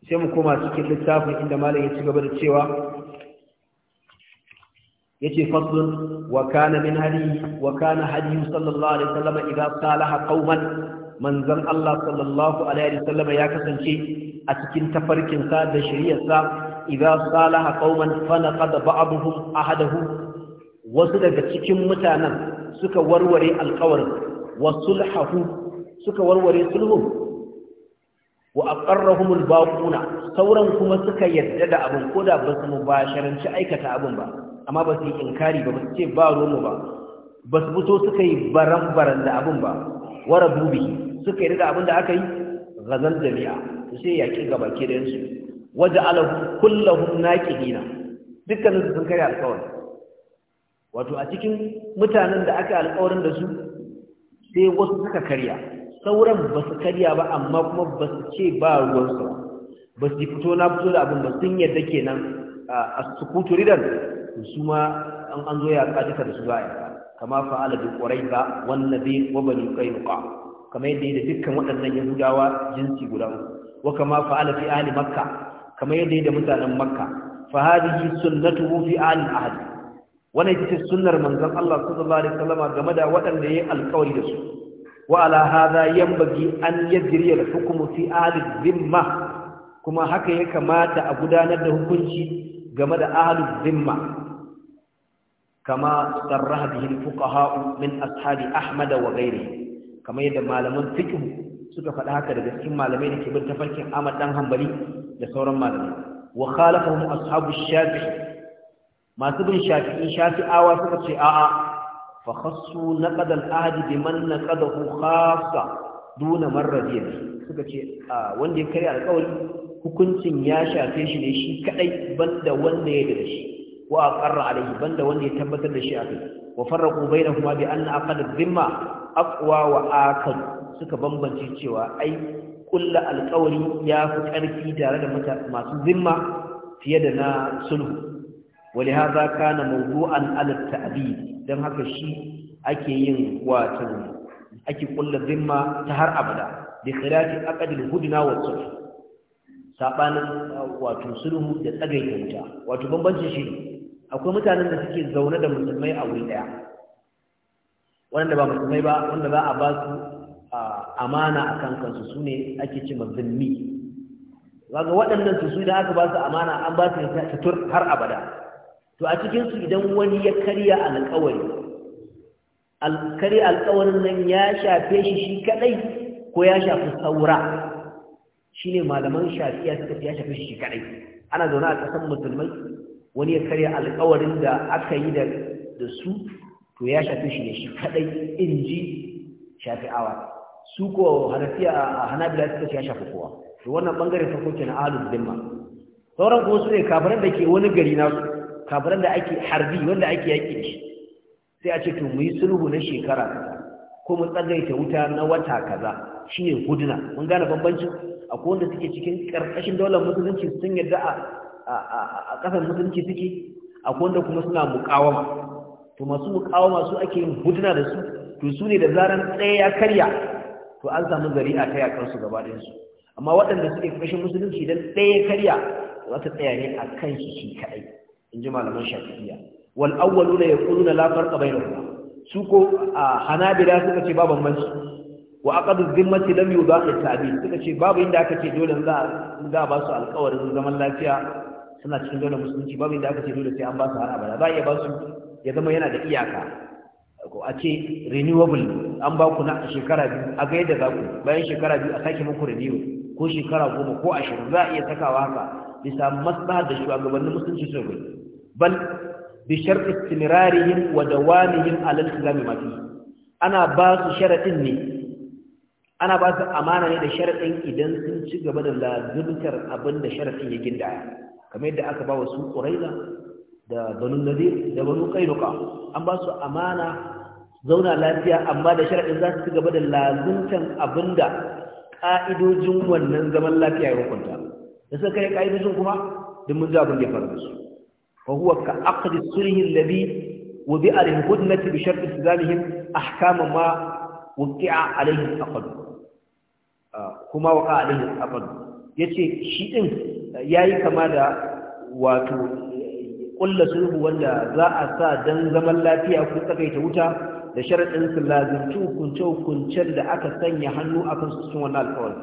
sai mu koma cikin littafin inda malam ya ci gaba da cewa yace faslun wa kana min hadi wa kana hadi sallallahu alaihi wasallam idza salaha qauman manzan Allah sallallahu alaihi wasallam ya kasance a cikin tafarkin sa da shari'ar sa idza salaha qauman fa naqad ba'dhum ahadahu wasu daga cikin mutanen suka warware alƙawarin wa sulhahu suka warware sulhu wa aqarrahum albaquna sauran kuma suka yadda da abin koda ba su mubasharanci aikata abin ba amma ba su yi inkari ba ba su ce ba romo ba ba su fito suka yi baran-baran da abin ba wara bubi suka yi da abin da aka yi gazal jami'a su sai yaƙi gaba ke da yansu waje alahu kullahun naƙi dina dukkanin su sun karya alkawar wato a cikin mutanen da aka alƙawarin da su sai wasu suka karya sauran ba su karya ba amma kuma ba su ce ba ruwansu ba su fito na fito da abin ba sun yadda kenan a sukuturidan su ma an an zo yaƙa duka da su ba a kama fa'ala bi quraiba wan nabi wa bani qaynuqa kamar yadda yake dukkan waɗannan yahudawa jinsi guda uku wa kama fa'ala fi Ali makka kamar yadda yadda mutanen makka fa hadhihi sunnatuhu fi Ali ahli wannan ita ce sunnar manzon Allah sallallahu alaihi wasallam game da waɗanda yayi alƙawari da su wa ala hadha yanbaghi an yajriya al-hukmu fi ahli dhimma kuma haka ya kamata a gudanar da hukunci game da ahli Zimma. kama sarraha bihi al-fuqaha min ashabi ahmad wa ghayrihi kamar yadda malaman fiqh suka faɗa haka daga cikin malamai da ke bin tafarkin Ahmad dan Hanbali da sauran malamai wa khalafahum ashabu shafi. masu bin shafi'i shafi'awa suka ce a'a fa khassu naqad al-ahd biman naqadahu khassa duna man radiya suka ce wanda ya karya alƙawari hukuncin ya shafe shi ne shi kadai banda wanda ya da shi wa aqarra alayhi banda wanda ya tabbatar da shi kai. wa kuma bainahuma bi anna aqad zimma. aqwa wa Akan suka bambance cewa ai kullu alkawari ya fi karfi tare da masu zimma fiye da na sulhu ولهذا كان موضوعا على التعبيد dan haka shi ake yin wato ake kullu zimma ta har abada bi khilafi aqdil hudna wa sulh sabanin wato sulhu da tsagaita wuta wato bambancin shi akwai mutanen da suke zaune da musulmai a wuri daya wanda ba musulmai ba wanda za a ba su amana a kan kansu su ne ake ce mazulmi ga waɗannan su su da aka ba su amana an ba su fitur har abada to a cikinsu idan wani ya karya alkawari karya alƙawarin nan ya shafe shi shi kaɗai ko ya shafi saura shi ne malaman shafiya suka ya shafe shi kaɗai ana zaune a ƙasar musulmai wani ya karya alkawarin da aka yi da su to ya shafi shi ne shi kadai in ji shafi'awa su ko hanafiya a hanabila suka ce ya shafi kowa to wannan bangaren farko na alu dhimma sauran kuma su ne kafiran da ke wani gari na kafiran da ake harbi wanda ake da shi sai a ce to mu yi sulhu na shekara kaza ko mu tsagaita wuta na wata kaza shine huduna mun gane bambancin akwai wanda suke cikin ƙarƙashin daular musulunci sun yarda a a ƙasar musulunci suke a kwanta kuma suna mukawama to masu mukawama su ake yin hudina da su to su ne da zaren tsaye ya karya to an samu zari'a ta yakan su gaba ɗayan su amma waɗanda suke kashin musulunci don tsaye ya karya za ta tsaya ne a kan shi shi kaɗai in ji malaman shafi'iyya wal awwalu la yaquluna la farqa bainahuma su ko hanabila suka ce babu bambanci wa aqadu zimmati lam yudaq at-ta'bid suka ce babu inda aka ce dole za za ba su alƙawarin zaman lafiya suna cikin daular musulunci babu inda aka ce dole sai an ba su har abada za a iya ba su ya zama yana da iyaka ko a ce renewable an ba ku na shekara biyu a ga yadda za ku bayan shekara biyu a sake muku renewal ko shekara goma ko ashirin za a iya sakawa haka bisa maslahar da shugabannin musulunci sun gudu bal bi sharti istimrarihim wa dawamihim ala al-islam ma fi ana ba su ne ana ba su amana ne da sharaɗin idan sun ci gaba da lazumtar abinda da ya gindaya kamar yadda aka ba wa su ƙuraina da banu nadir da banu an ba su amana zauna lafiya amma da sharaɗin za su ci gaba da lazuntan abinda ƙa'idojin wannan zaman lafiya ya hukunta da suka kai ƙa'idojin kuma duk mun ji abin da ya faru da su fa huwa ka aqdi sulhi alladhi wudi'a lil hudnati bi sharti istizamihim ahkama ma wuqi'a alayhi aqd ah, kuma waqa alayhi aqd ya ce shi ɗin ya yi kama da wato ƙulla sulhu wanda za a sa don zaman lafiya ko tsakaita wuta da sharaɗin su lazimci hukunce da aka sanya hannu a kan cikin wannan alkawari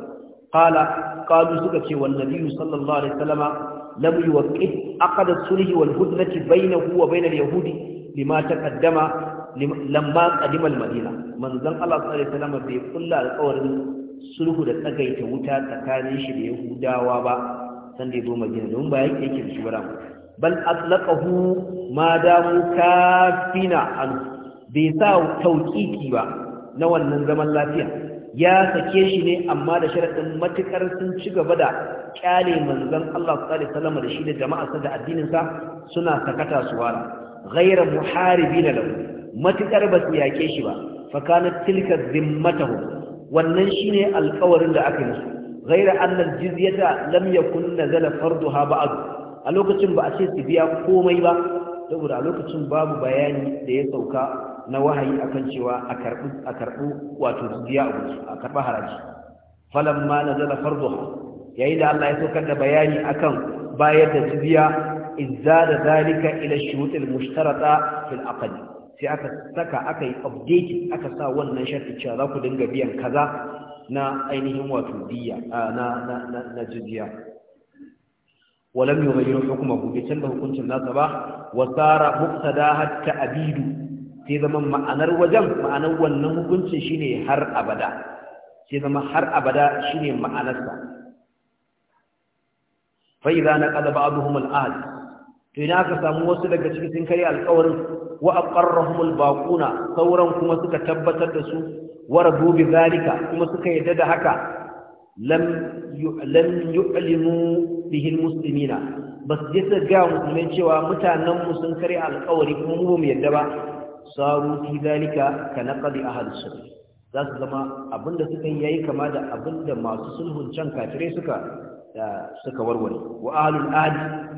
kala kalu suka ce wa nabiyu sallallahu alaihi wasallama lam yuwaqqit aqda sulhi wal hudnati bainahu wa na yahudi lima taqaddama lamma qadima madina manzon Allah sallallahu alaihi wasallama bai kulla alkawarin sulhu da tsagaita wuta tsakanin shi da yahudawa ba san da zo madina don ba yake yake shi bara bal atlaqahu ma damu kafina an bai sa tauƙiƙi ba na wannan zaman lafiya ya sake shi ne amma da sharaɗin matukar sun ci gaba da kyale manzon Allah sallallahu alaihi wasallam da shi da sa da addinin sa suna sakata su wala ghayra muharibina lahu matukar ba su yake shi ba fa tilka zimmatuhum wannan shine alƙawarin da aka yi Zaira ghaira annal jizyata lam yakun nazala farduha ba'd a lokacin ba a ce su biya komai ba saboda a lokacin babu bayani da ya sauka na wahayi akan cewa a karbu a karbu wato jizya a karba haraji falamma nazala farduha yayin da Allah ya saukar da bayani akan bayar da jizya izza da zalika ila shurutil mushtarata fil aqd sai aka saka aka yi update aka sa wannan sharti cewa za ku dinga biyan kaza na ainihin wato biya. na na na, na jiziya walam yughayyiru hukmuhu canza hukuncin nasa ba Wasara, sara muqtada hatta abidu sai zama ma'anar wajen ma'anar wannan hukuncin shine har abada sai zama har abada shine ma'anarsa fa'iza na ƙada ba'aduhum Ahad. to ina aka samu wasu daga cikin sun karya alƙawarin wa aqarrahumul Baƙuna sauran kuma suka tabbatar da su wara bi zalika kuma suka yadda da haka lam lam yu'limu bihi almuslimina bas jisa ga musulmai cewa mutanen mu sun kare alƙawari kuma mu bamu yadda ba saru fi zalika ka naqdi ahad sulh za su zama abinda suka yi yayi kama da abinda masu sulhun can kafirai suka eh, suka warware wa ahlul ahd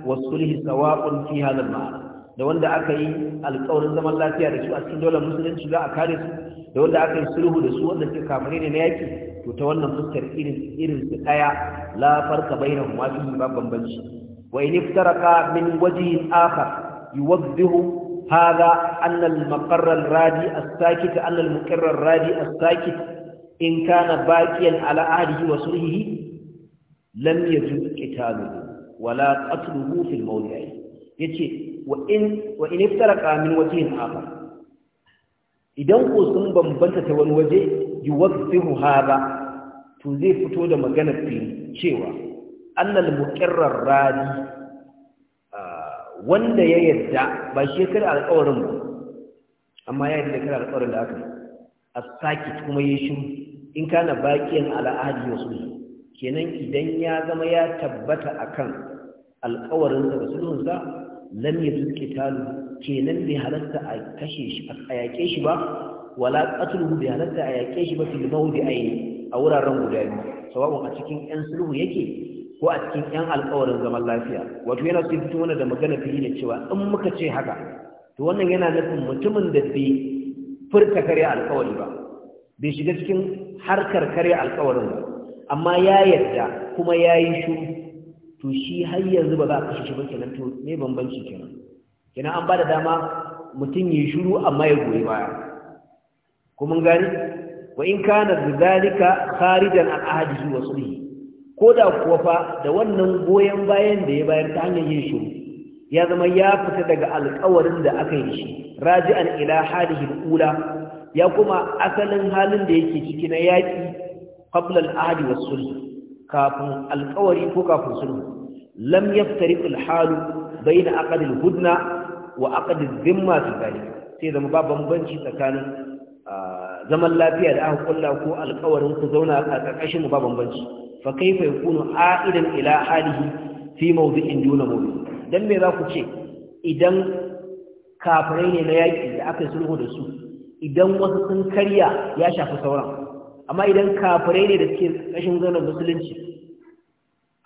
wa sulh sawa'un fi hadha al-ma'ana da wanda aka yi alƙawarin zaman lafiya da su a cikin dole musulunci za a kare su da wanda aka yi sulhu da su wanda ke kamare ne na yaƙi to ta wannan fuskar irin irin su daya la farka bainahu ma fi ba bambanci wa in iftaraka min wajhin akhar yuwaddihu hadha an al maqarr al radi as sakit an al muqarr al radi as sakit in kana baƙiyan ala ahdihi wa sulhihi lam yajuz qitalu wala qatluhu fil mawdi'i yace وإن, وإن افترق من وجه آخر idan ko sun bambanta ta wani waje yuwaffihu hada to zai fito da maganar fili cewa annal muqirrar rari. Ah, wanda ya yadda ba shi kar alƙawarin ba amma ya da kar alƙawarin da aka as-sakit kuma ya shiru in kana baƙin ala ahdi wasul kenan idan ya zama ya tabbata akan alƙawarin da rasulun sa lam yajuz talu kenan bai halatta a kashe shi a yake shi ba wala qatluhu bai halatta a yake shi ba fil mawdi ayni a wuraren guda biyu sawa'un a cikin yan sulhu yake ko a cikin yan alƙawarin zaman lafiya wato yana so fito mana da magana fili ne cewa in muka ce haka to wannan yana nufin mutumin da bai furta karya alƙawari ba bai shiga cikin harkar karya alƙawarin ba amma ya yarda kuma ya yi shuru to shi har yanzu ba za a kashe shi ba kenan to me bambanci kenan kenan an ba da dama mutum ya shiru amma ya goyi baya kuma gani wa in kana zalika kharijan al ahdi wa sulhi ko da kuwa fa da wannan goyen bayan da ya bayar ta hanyar yin shiru ya zama ya fita daga alƙawarin da aka yi shi raji'an ila halihi ula ya kuma asalin halin da yake ciki na yaƙi qabla al-ahdi wa sulhi kafin alkawari ko kafin sulhu lam yaftariq alhal bayna aqd alhudna wa aqd dhimma fi dalik sai zama ba bambanci tsakanin ah, zaman lafiya da aka kulla ko alkawarin ku zauna a karkashin mu ba bambanci fa kaifa yakunu aidan ila halihi fi mawdi'in duna mawdi dan me za ku ce idan kafirai ne na yaƙi da aka sulhu da su idan wasu sun karya ya shafi sauran amma idan kafirai ne da suke kashin zonar musulunci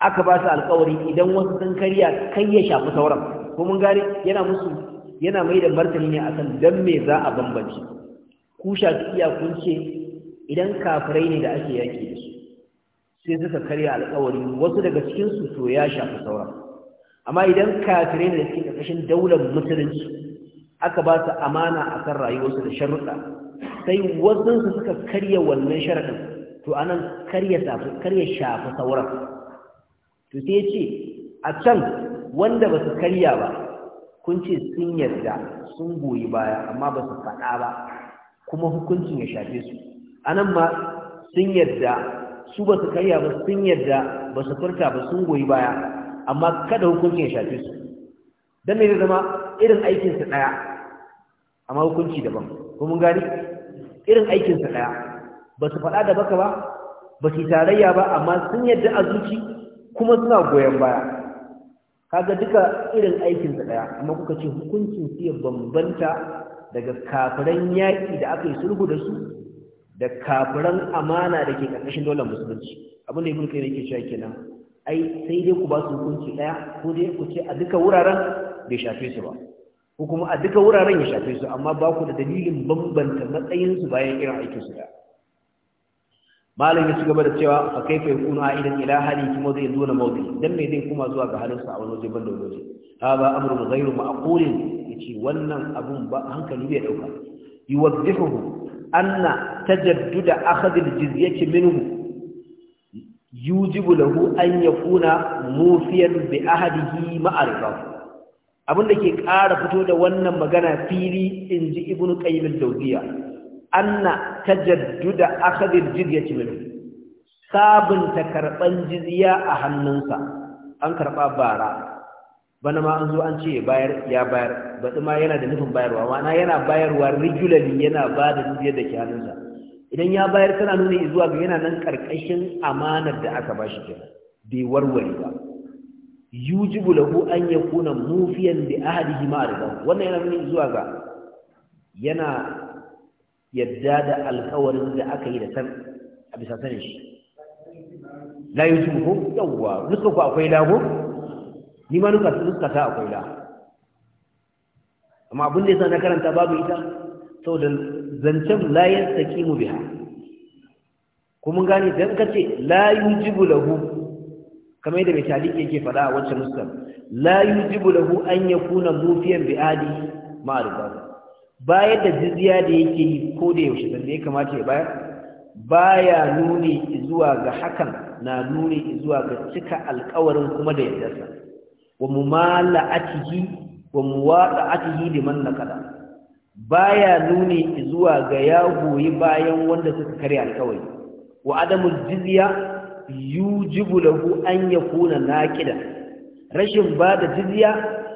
aka ba su alkawari idan wasu sun karya kai ya shafi sauran ko mun gane yana musu yana mai da martani ne a akan dan me za a bambance ku shafiya kun ce idan kafirai ne da ake yaƙi da su sai suka karya alkawari wasu daga cikin su to ya shafi sauran amma idan kafirai ne da suke kashin daular musulunci aka ba su amana a kan rayuwarsu da sharuɗa sai wasansu suka karya wannan sharaɗin to anan karya shafi sauran to sai ce a can wanda ba su karya ba kun ce sun yarda sun goyi baya amma ba su faɗa ba kuma hukuncin ya shafe su anan ma sun yarda su ba su karya ba sun yarda ba su furta ba sun goyi baya amma kada hukuncin ya shafe su dan ne zama irin aikinsa ɗaya amma hukunci daban ko mun gani irin aikinsa ɗaya ba su faɗa da baka ba ba su tarayya ba amma sun yadda a zuci kuma suna goyon baya kaga duka irin aikinsa ɗaya amma kuka ce hukuncin su ya bambanta daga kafiran yaƙi da aka yi sulhu da su da kafiran amana da ke ƙarƙashin dole musulunci abin da kai ne yake cewa kenan ai sai dai ku ba su hukunci ɗaya, ko dai ku ce a duka wuraren bai shafe su ba ko kuma a duka wuraren ya shafe su amma ba ku da dalilin bambanta matsayin su bayan irin aikin su da malam ya ci gaba da cewa fa yakunu a idan ila hali kuma zai zo na mawdi dan me zai kuma zuwa ga halin sa a wani waje ban da waje ba amru ghayru ma'qul yace wannan abun ba hankali bai dauka yuwaddihu anna tajaddud akhd al-jizyati minhu yujibu lahu an yakuna mufiyan bi ahadihi ma'arifahu abin da ke ƙara fito da wannan magana fili in ji ibn qayyim al-jawziya anna tajadduda akhd al-jizyati minhu sabunta karban jizya a hannunsa an karba bara bana ma an zo an ce bayar ya bayar baɗi ma yana da nufin bayarwa ma'ana yana bayarwa regularly yana ba da jizya da ke hannunsa idan ya bayar tana nuna zuwa ga yana nan ƙarƙashin amanar da aka ba shi kenan bai warware ba yujibu lahu an yakuna mufiyan bi ahadihi ma wannan yana nuni zuwa ga yana yadda da alƙawarin da aka yi da san a bisa sani shi la yujibu ko yawwa nuka ku akwai lago ni ma nuka nuka ta akwai la amma abin da yasa na karanta babu ita saboda zancen la yastaqimu biha kuma gane dan kace la yujibu lahu kamar yadda mai taliki yake faɗa a wancan nuskar la yujibu lahu an yakuna mufiyan bi adi ma bayar da jizya da yake yi ko da yaushe dan da ya kamata ya bayar baya nuni zuwa ga hakan na nuni zuwa ga cika alƙawarin kuma da sa wa mumala'atihi wa muwaqa'atihi liman naqala baya nuni zuwa ga ya goyi bayan wanda suka karya alƙawari wa Adamu jizya yujibu lahu an yakuna naqida rashin ba da jizya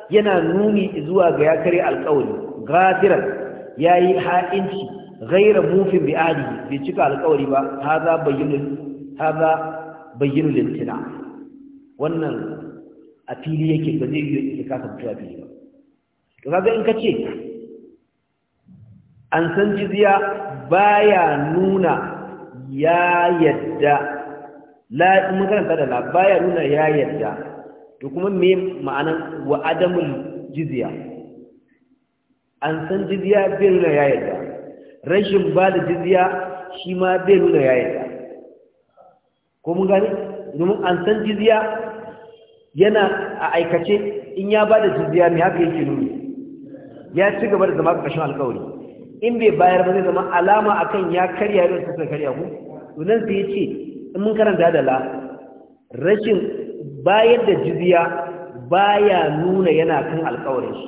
yana nuni zuwa ga ya kare alƙawari gafiran yayi ha'inci ghayra mufin bi adi bai cika alƙawari ba haza bayyinu haza bayyinu lintina wannan a fili yake ba zai yi ya kasa mutuwa fili ba to kaga in kace an san jizya baya nuna ya yadda la mun karanta da labaya nuna ya yarda to kuma me ma'anan wa adamul jizya an san jizya bai nuna ya yarda rashin ba da jizya shi ma bai nuna ya yarda ko mun gani domin an san jizya yana a aikace in ya ba da jizya me haka yake nuni ya ci gaba da zama ƙarshen alƙawari in bai bayar ba zai zama alama akan ya karya da suka karya ku to nan sai ya ce in mun karanta da la rashin bayar da jizya baya nuna yana kan alƙawarin shi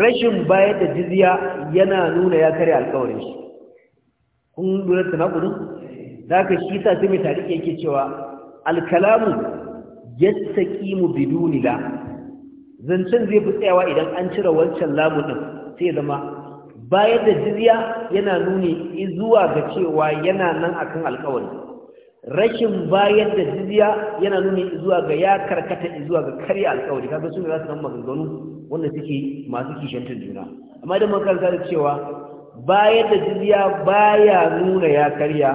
rashin bayar da jizya yana nuna ya kare alƙawarin shi kun lura da tanakudin da ka shi sa sai mai yake cewa alkalamu mu biduni la zancen zai fi tsayawa idan an cire wancan lamun din sai zama bayar da jizya yana nuni zuwa ga cewa yana nan akan alƙawari rashin bayar da jizya yana nuni zuwa ga ya karkata zuwa ga karya alƙawari kaga su ne za su san maganganu wanda suke masu kishantar juna amma idan mun karanta cewa bayar da jizya baya nuna ya karya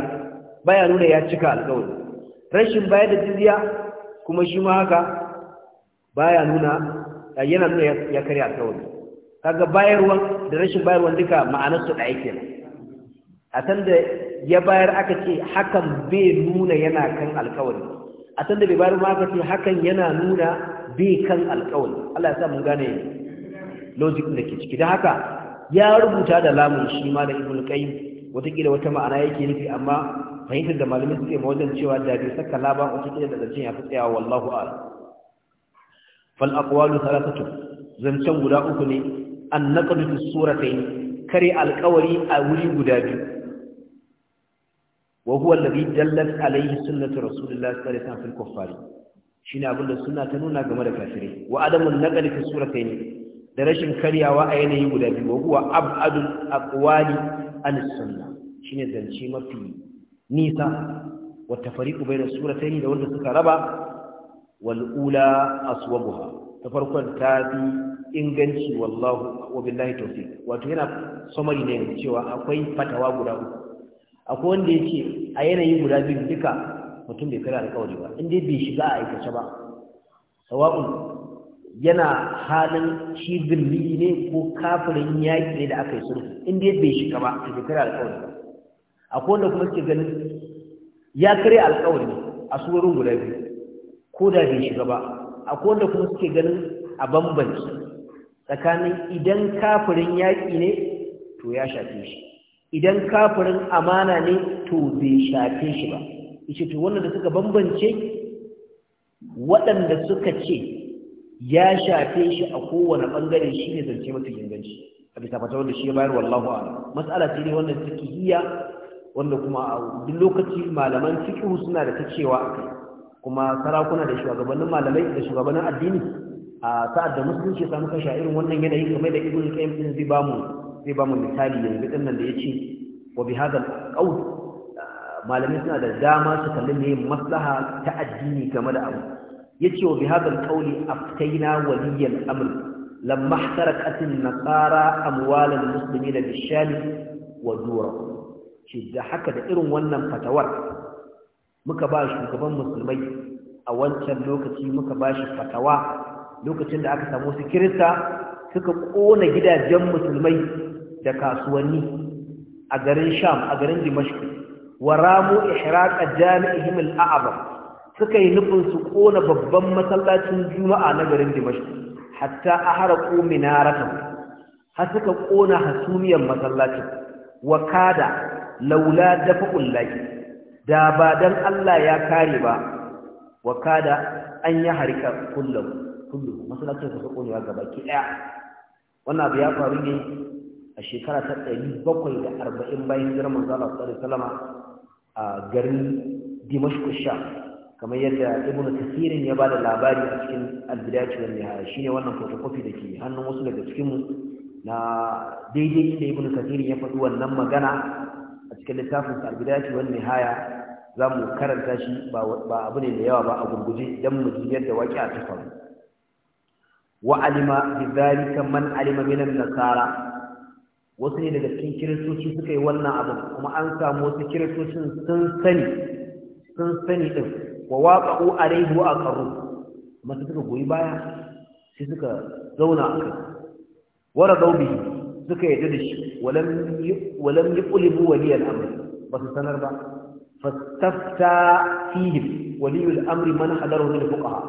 baya nuna ya cika alƙawari, rashin bayar da jizya kuma shi ma haka baya nuna yana nuna ya karya alƙawari, kaga bayarwa da rashin bayarwa duka ma'anar su ɗaya kenan a san da ya bayar aka ce hakan bai nuna yana kan alkawari a san da bai bayar ma aka ce hakan yana nuna bai kan alkawari Allah ya sa mun gane logic da ke ciki da haka ya rubuta da lamun shi ma da ibn qayyim wataƙila wata ma'ana yake nufi amma fahimtar da malamin suke ma wajen cewa da bai saka laban wataƙila da zancen ya fi tsayawa wallahu ala fal aqwalu thalathatu zancen guda uku ne an naqdu fi suratayn kare alkawari a wuri guda biyu wa huwa alladhi dallat alayhi sunnatu rasulillahi sallallahu alaihi wasallam fil kuffari shine abin da sunna ta nuna game da kafirai wa adamun naqli fi da rashin karyawa a yanayi guda biyu wa huwa abadul aqwali an sunna shine zance mafi nisa wa tafariqu bayna suratayn da wanda suka raba wal ula aswabuha ta farkon ta fi inganci wallahu wa billahi tawfiq wato yana summary ne cewa akwai fatawa guda uku akwai wanda ya ce a yanayi guda biyu duka mutum bai kira alkawari ba inda bai shiga a aikace ba sawa'un yana halin shi birni ne ko kafirin yaƙi ne da aka yi sulhu inda bai shiga ba bai kira alkawari ba akwai wanda kuma ke ganin ya kare alkawari a surorin guda biyu ko da bai shiga ba akwai wanda kuma suke ganin a bambanci tsakanin idan kafirin yaƙi ne to ya shafe shi idan kafirin amana ne to bai shafe shi ba yace to wanda suka bambance waɗanda suka ce ya shafe shi a kowane bangare shine zance mata inganci a bisa fata wanda shi ya bayar wallahu a'lam matsala ce ne wanda fiqhiyya wanda kuma a duk lokaci malaman fiƙi suna da ta cewa a kai. kuma sarakuna da shugabannin malamai da shugabannin addini a sa'ad da musulunci samu kashe irin wannan yanayi game da ibnu qayyim din zai bamu zai ba mu misali yanzu din nan da yace wa bi hadha al malamai suna da dama su kalli ne maslaha ta addini game da abu yace wa bi hadha al-qawl aftaina waliyal amr lamma ihtarakat an-nasara amwal al Musulmi bi-sham wa dura shi da haka da irin wannan fatawar muka ba shugaban musulmai a wancan lokaci muka ba shi fatawa lokacin da aka samu su kirista suka ƙona gidajen musulmai da kasuwanni a garin sham a garin dimashq wa ramu ihraqa jami'ihim suka yi nufin su kona babban masallacin juma'a na garin dimashq hatta ahraqu minaratan har suka kona hasumiyar masallacin wa kada laula dafa'ul lahi da ba dan Allah ya kare ba wa kada an yi harika kullum kullum masallacin suka kona gaba ki daya wannan abu ya faru ne a shekara ta ɗari bakwai da arba'in bayan hijirar zala tsari Salama a garin dimashku sha kamar yadda Ibn tasirin ya ba da labari a cikin albidaci wanda ya Shi ne wannan fotokofi da ke hannun wasu daga cikinmu. na daidai inda Ibn tasirin ya faɗi wannan magana a cikin littafin albidaci wanda haya. za mu karanta shi ba abu ne da yawa ba a gurguje don mu ji yadda waƙi a cikin wa'alima bi zalika man alima minan nasara wasu ne daga cikin kiristoci suka yi wannan abin kuma an samu wasu kiristocin sun sani sun sani din wa waka waqa'u alayhi a aqarru masu suka goyi baya sai suka zauna a kai wara daubi suka yi da shi walam walam yuqlibu waliyan amr ba su sanar ba fastafta fihim waliyul amri man da lil fuqaha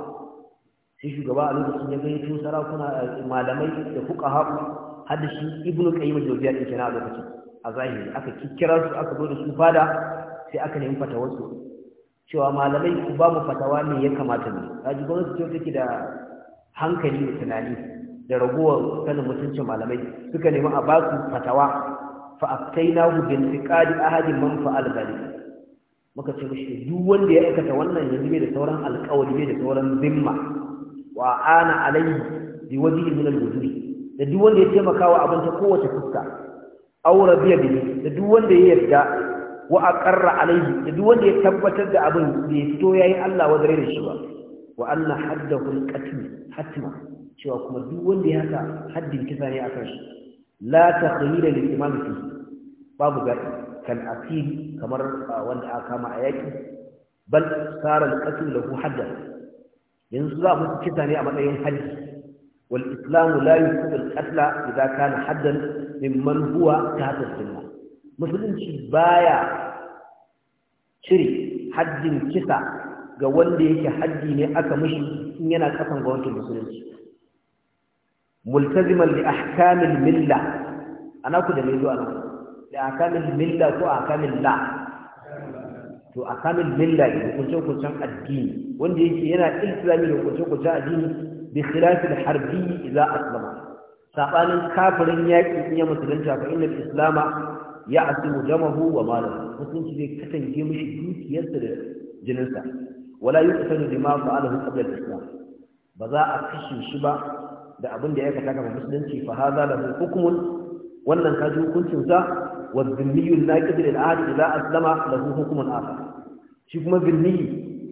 sai shugaba a lokacin ya gayyato sarakuna malamai da fuqaha har shi ibnu qayyim al-jawziya din kenan a lokacin a zahiri aka kikkira su aka zo da su fada sai aka nemi fatawar su cewa malamai ku ba mu fatawa ne ya kamata ne kaji gwamnati ce take da hankali da tunani da ragowar sanin mutuncin malamai suka nemi a ba su fatawa fa hu bil fiqadi ahadi man fa'al dhalik muka ce mushi duk wanda ya aikata wannan yanzu bai da sauran alƙawari bai da sauran zimma wa ana alayhi bi wajhi min al-wujudi da duk wanda ya taimaka wa abin ta kowace fuska aw rabiya biyu. da duk wanda ya yarda wa aqarra alaihi da duk wanda ya tabbatar da abin da ya fito yayin Allah wa gare shi ba wa anna haddahu alqatl hatma cewa kuma duk wanda ya haka haddin kisa ne akan shi la takhyira lil imam fi babu ga kan asiri kamar wanda aka kama a yaki bal sara alqatl lahu hadda yanzu za mu kisa ne a matsayin haddi والإسلام لا يفسد القتل إذا كان حدا ممن هو تحت السنة مسلم بايا شري حد كسا ga wanda yake haddi ne aka mishi in yana kasan ga wancan musulunci multaziman li ahkamil milla ana ku da me nan ko la to ahkamil milla hukuncin hukuncin addini wanda yake yana iltizami da hukuncin hukuncin addini bi khilafil harbi idza aslama sabanin kafirin yaki in ya musulunta fa inna islama ya asimu jamahu wa malahu musulunci zai katange mishi dukiyarsa da jininsa wala yuqtalu bima fa'alahu qabla ba za a shi ba da abin da ya aikata kama musulunci fa haza lahu hukmun wannan kaji hukuncin sa wa dhimmiyu naqid al-ahd idza aslama lahu hukmun akhar shi kuma dhimmi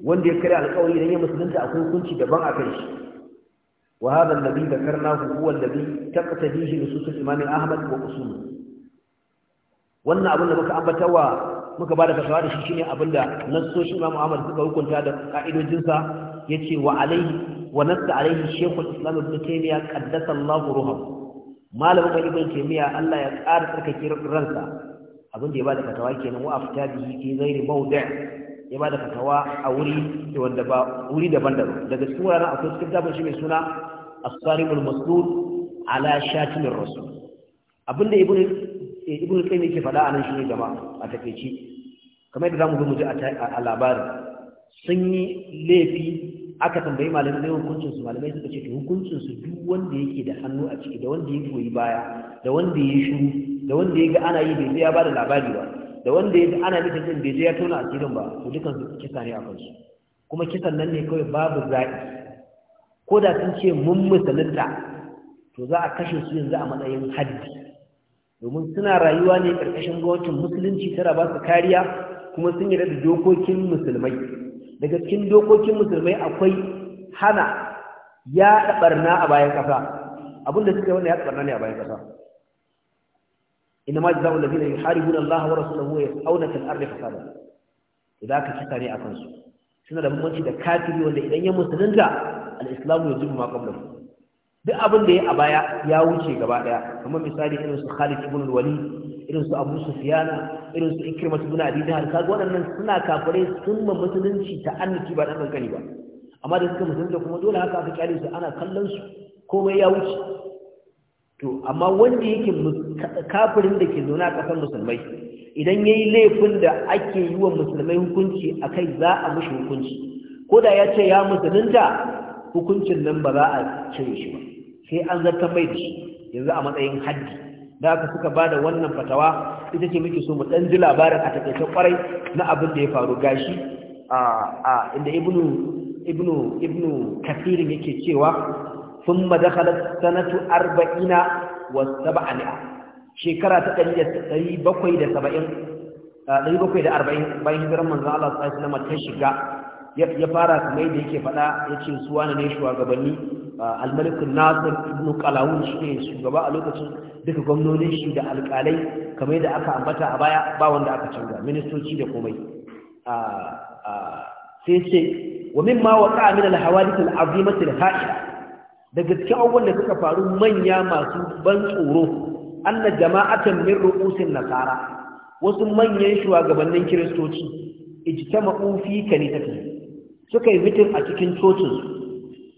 wanda ya kare alƙawari idan ya musulunta akwai hukunci daban a kai shi وهذا الذي ذكرناه هو الذي تقتديه نصوص Ahmad أحمد وأصوله wannan abin da muka ambatawa muka bada fatawa da shi shine abin da nassoshin Imam Ahmad suka hukunta da ka'idojin sa yace wa alaihi wa nassa alaihi Sheikh al-Islam Ibn Taymiyyah qaddasa Allahu malamin Ibn Taymiyyah Allah ya ƙara tsarkake ransa abin da ya bada fatawa kenan wa aftabihi fi ghairi mawdi' ya ba da fatawa a wuri wanda ba wuri daban-daban daga cikin wuraren akwai cikin tabin shi mai suna asarimul masdud ala shatimin rasul abinda ibnu eh, ibnu qayyim yake faɗa a nan shi ne gaba a takeici kamar yadda zamu zo mu ji a labarin sun yi laifi aka tambayi malamai da hukuncin su malamai suka ce hukuncin su duk wanda yake da hannu a ciki da wanda ya goyi baya da wanda ya shiru da wanda ya ga ana yi bai ya ba da labari ba da wanda ya ana nufin din bai je ya tona asirin ba to dukan su kisa ne a kansu kuma kisan nan ne kawai babu zaƙi. ko da sun ce mun musulunta to za a kashe su yanzu a matsayin haddi domin suna rayuwa ne karkashin gwamnatin musulunci tana ba su kariya kuma sun yarda da dokokin musulmai daga cikin dokokin musulmai akwai hana ya barna a bayan ƙasa abinda suka yi wannan ya barna ne a bayan ƙasa إنما جزاء الذين يحاربون الله ورسوله ويسعون في الأرض فسادا إذا كتبت لي su. suna da bambanci da kafiri wanda idan ya musulunta al-islamu ya zubu ma qablahu duk abin da ya a baya ya wuce gaba daya kamar misali irin su Khalid ibn al-Walid irin su Abu Sufyan irin su Ikrimah ibn Abi Jahl kaga waɗannan suna kafirai sun ma musulunci ta annabi ba dan kankani ba amma da suka musulunta kuma dole haka aka kyale su ana kallon su komai ya wuce to amma wanda yake kafirin da ke zaune a ƙasar musulmai idan ya yi laifin da ake yi wa musulmai hukunci a kai za a mashi hukunci ko da ya ce ya musulunta hukuncin nan ba za a cire shi ba sai an zartar mai da shi yanzu a matsayin haddi da aka suka ba da wannan fatawa ita ce muke so mu ɗan ji labarin a taƙaice kwarai na abin da ya faru gashi a inda ibnu ibnu ibnu kafirin yake cewa ثم دخلت سنة أربعين والسبعمائة شكرا تقريبا تقريبا كويدا سبعين تقريبا كويدا أربعين باين هجرا من الله صلى الله عليه وسلم تشكا يفارا كما يديك فلا يتشي سوانا نيشوا قبلي الملك الناصر ابن قلاون شكي شغباء لوكتن duka gwamnonin shi da alƙalai kamar da aka ambata a baya ba wanda aka canza ministoci da komai sai ce wa mimma waqa min al-hawadith al-azimah al-ha'ila da cikin abubuwan da suka faru manya masu ban tsoro anna jama'atan min ru'usin nasara wasu manyan shugabannin kiristoci ijtama'u fi kanisati suka yi mitin a cikin cocin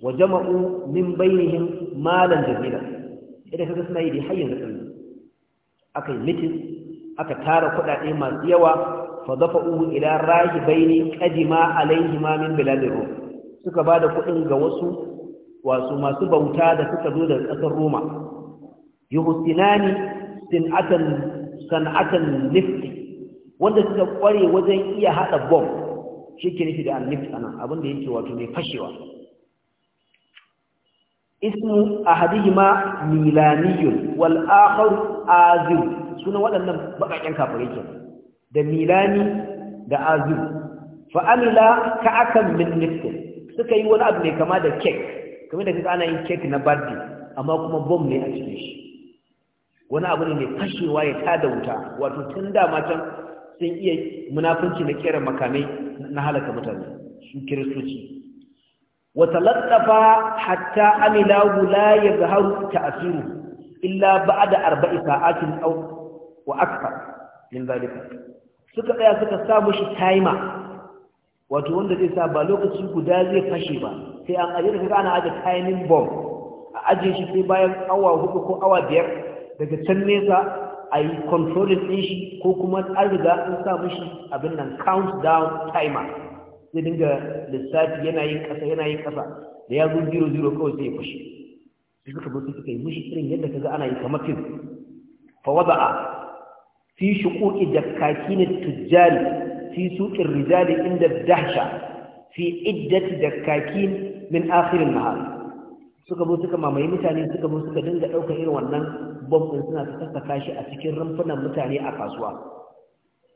wa jama'u min bainihim malan jazira idan kaga suna yi da hayyan da aka yi mitin aka tara kuɗaɗe masu yawa fa dafa'u ila rahibaini qadima alaihima min biladir suka bada kuɗin ga wasu wasu masu bauta da suka zo daga ƙasar Roma yuhsinani san'atan lift wanda suka ƙware wajen iya haɗa bom. shi ke nufi da abin da yake wato mai fashewa ismu ahadihima milaniyun wal'akar azir sunan waɗannan baƙaƙen kafirai da milani da azir fa amila ka'akan min lift suka yi wani abu mai kama da cake kamar da kaga ana yin kek na birthday amma kuma bom ne a cikin shi wani abu ne mai fashewa ya tada wuta wato tun da can sun iya munafunci na kera makamai na halaka mutane su kiristoci watalattafa hatta amilahu la yazharu ta'siru illa ba'da arba'i sa'atin aw wa akthar min zalika suka tsaya suka sa mushi timer wato wanda zai sa ba lokaci guda zai fashe ba sai an ajiye da kaga ana aje timing bomb a ajiye shi sai bayan awa hudu ko awa biyar daga can nesa a yi controlling din shi ko kuma an riga an sa mishi abin nan count down timer zai dinga lissafi yana yin ƙasa yana yin ƙasa da ya zo zero zero kawai sai ya fashe sai suka bar suka yi mishi irin yadda kaga ana yi kamar fim fa wada'a fi shuquqi ne tujjari في سوق الرجال عند الدهشة في عدة دكاكين من آخر النهار suka zo suka mamaye mutane suka zo suka dinga ɗaukar irin wannan bombin suna ta sassaka shi a cikin rumfunan mutane a kasuwa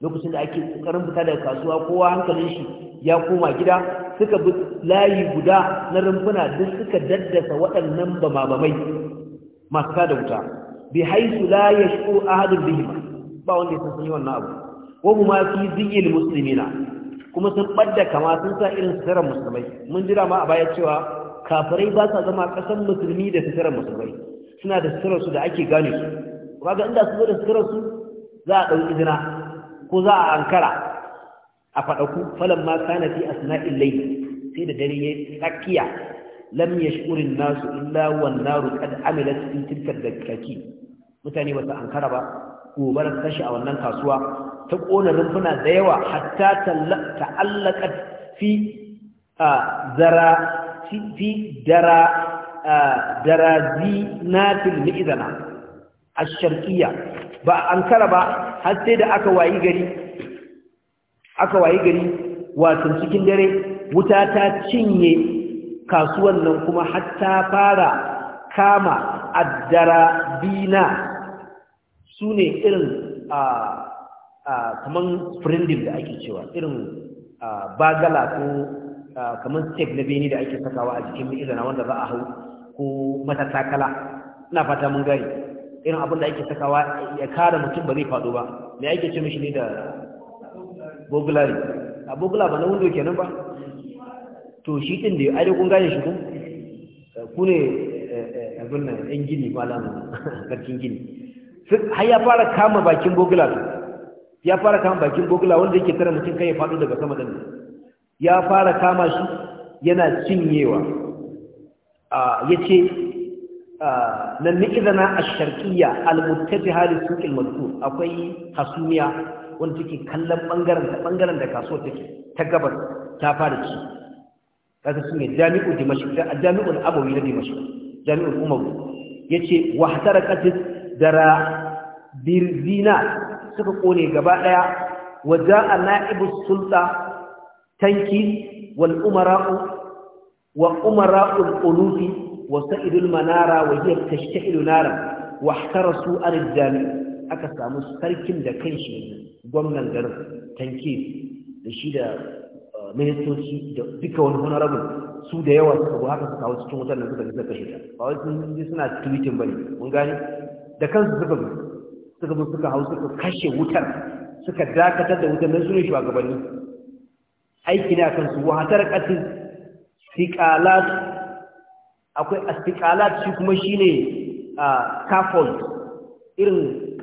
lokacin da ake ƙoƙarin fita daga kasuwa kowa hankalin shi ya koma gida suka bi layi guda na rumfuna duk suka daddasa waɗannan bamabamai masu kada wuta bi haisu la yashku ahadun bihima ba wanda ya san sun wannan abu wa huma fi ziyil muslimina kuma sun badda kama sun sa irin sitarar musulmai mun jira ma a baya cewa kafirai ba sa zama kasan musulmi da sitarar musulmai suna da sutarar su da ake gane su kaga inda su zo da sutarar su za a ɗauki izina ko za a ankara a faɗaku Falon ma kana fi asna'il layl sai da dare yayi tsakiya lam yashkurin nasu illa wan naru qad amilat fi da dakaki mutane ba su ankara ba gobarar tashi a wannan kasuwa ta ƙona rumfuna da yawa hatta ta'allaka fi zara fi dara darazinatil mi'zana ash-sharqiyya ba ankara ba har sai da aka wayi gari aka wayi gari wato cikin dare wuta ta cinye kasuwan nan kuma hatta fara kama addara bina su ne irin a kaman sprindil da ake cewa irin bagala ko kaman step na beni da ake sakawa a jikin izana wanda za a hau ko matatakala ina fata mun gari irin abin da ake sakawa ya kare mutum ba zai faɗo ba me ake ce mishi ne da bogulari a bogula ba na wundo kenan ba to shi din da ai kun gane shi kun ku ne eh, eh, abin nan yan gini lamun [LAUGHS] karkin gini har ya fara kama bakin bogula ya fara kama bakin bogula wanda yake tara mutum kan ya faɗo daga sama ɗin ya fara kama shi yana cinyewa ya ce nan ni izana a sharkiya almuttafi hali suƙin mazkur akwai hasumiya wanda take kallon ɓangaren da ɓangaren da kasuwar take ta gabar ta fara ci kaga su ne jami'u dimashq da jami'ul abawi na dimashq Umaru, ya ce, wa hatarakat dara birzina suka kone gaba daya waja'a Na'ibu sulta tanki wal umara'u wa umara'ul ulufi wa sa'idul manara wa hiya tashta'ilu nara wa ihtarasu al-jami aka samu sarkin da kanshi gwamnan garin tanki da shi da uh, ministoci da duka wani honorable su da yawa suka bu haka suka kawo cikin wutar da suka ji suka kashe ta ba wai sun ji suna tweeting bane mun gani da kansu suka gudu. suka zo suka hau suka kashe wutar suka dakatar da wutar nan sune shugabanni aiki ne akan su wahatar katin siqalat akwai astiqalat shi kuma shine scaffold irin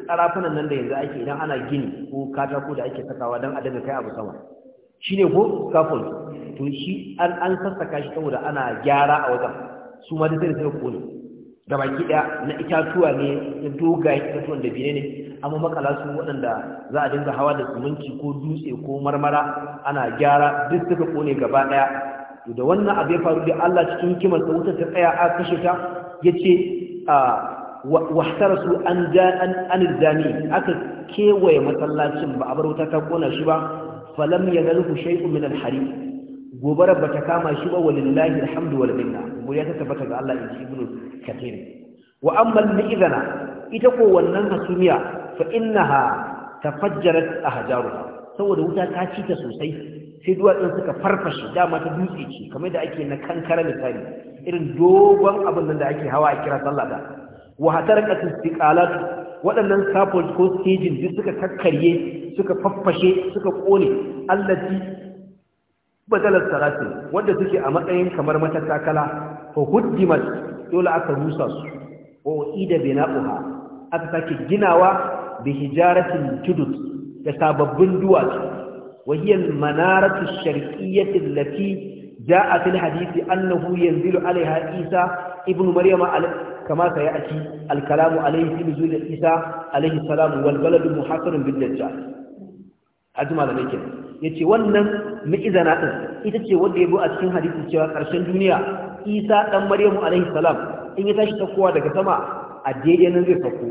karafunan nan da yanzu ake idan ana gini ko katako da ake sakawa don a daga kai abu sama shine ko scaffold to shi an sassaka shi saboda ana gyara a wajen su ma da sai da sai ne baki ɗaya na itatuwa ne da dogayen itatuwan da bine ne amma makala su waɗanda za a dinga hawa da suminci ko dutse ko marmara ana gyara duk suka kone gaba ɗaya to da wannan abu ya faru da Allah cikin kimar wuta ta tsaya a kashe ta ce a su an ja an zami aka kewaye masallacin ba a bar wuta ta kona shi ba falam yagalu shay'un min al hari. gobarar bata kama shi ba walillahi alhamdu wal minna mu ya tabbata ga Allah inji ibnu kathir wa amma al-mi'dana ita ko wannan hasumiya fa innaha tafajjarat ahjaruha saboda wuta ta ci ta sosai sai duwatsun suka farfashe dama ta dutse ce kamar da ake na kankara misali irin dogon abin nan da ake hawa a kira sallah da wa hatarqat istiqalat waɗannan scaffold ko staging duk suka kakkarye suka faffashe suka kone allati badalar salati wanda suke a matsayin kamar mata takala ko hudimat dole aka rusa su ko ida bai na'uha ginawa da hijaratin judud da sababbin duwatsu wahiyar manarar shariƙiyyar lafi za a fil hadisi annahu yanzu lu alaiha ibn maryam kama ka yi alkalamu alaihi fi isa alaihi salamu walwalar muhakarin bin dajjal hajji kenan yace wannan mu'izana din ita ce wanda yabo a cikin hadisi cewa karshen duniya Isa ɗan Maryamu alaihi salam in ya tashi takowa daga sama a daidai nan zai fako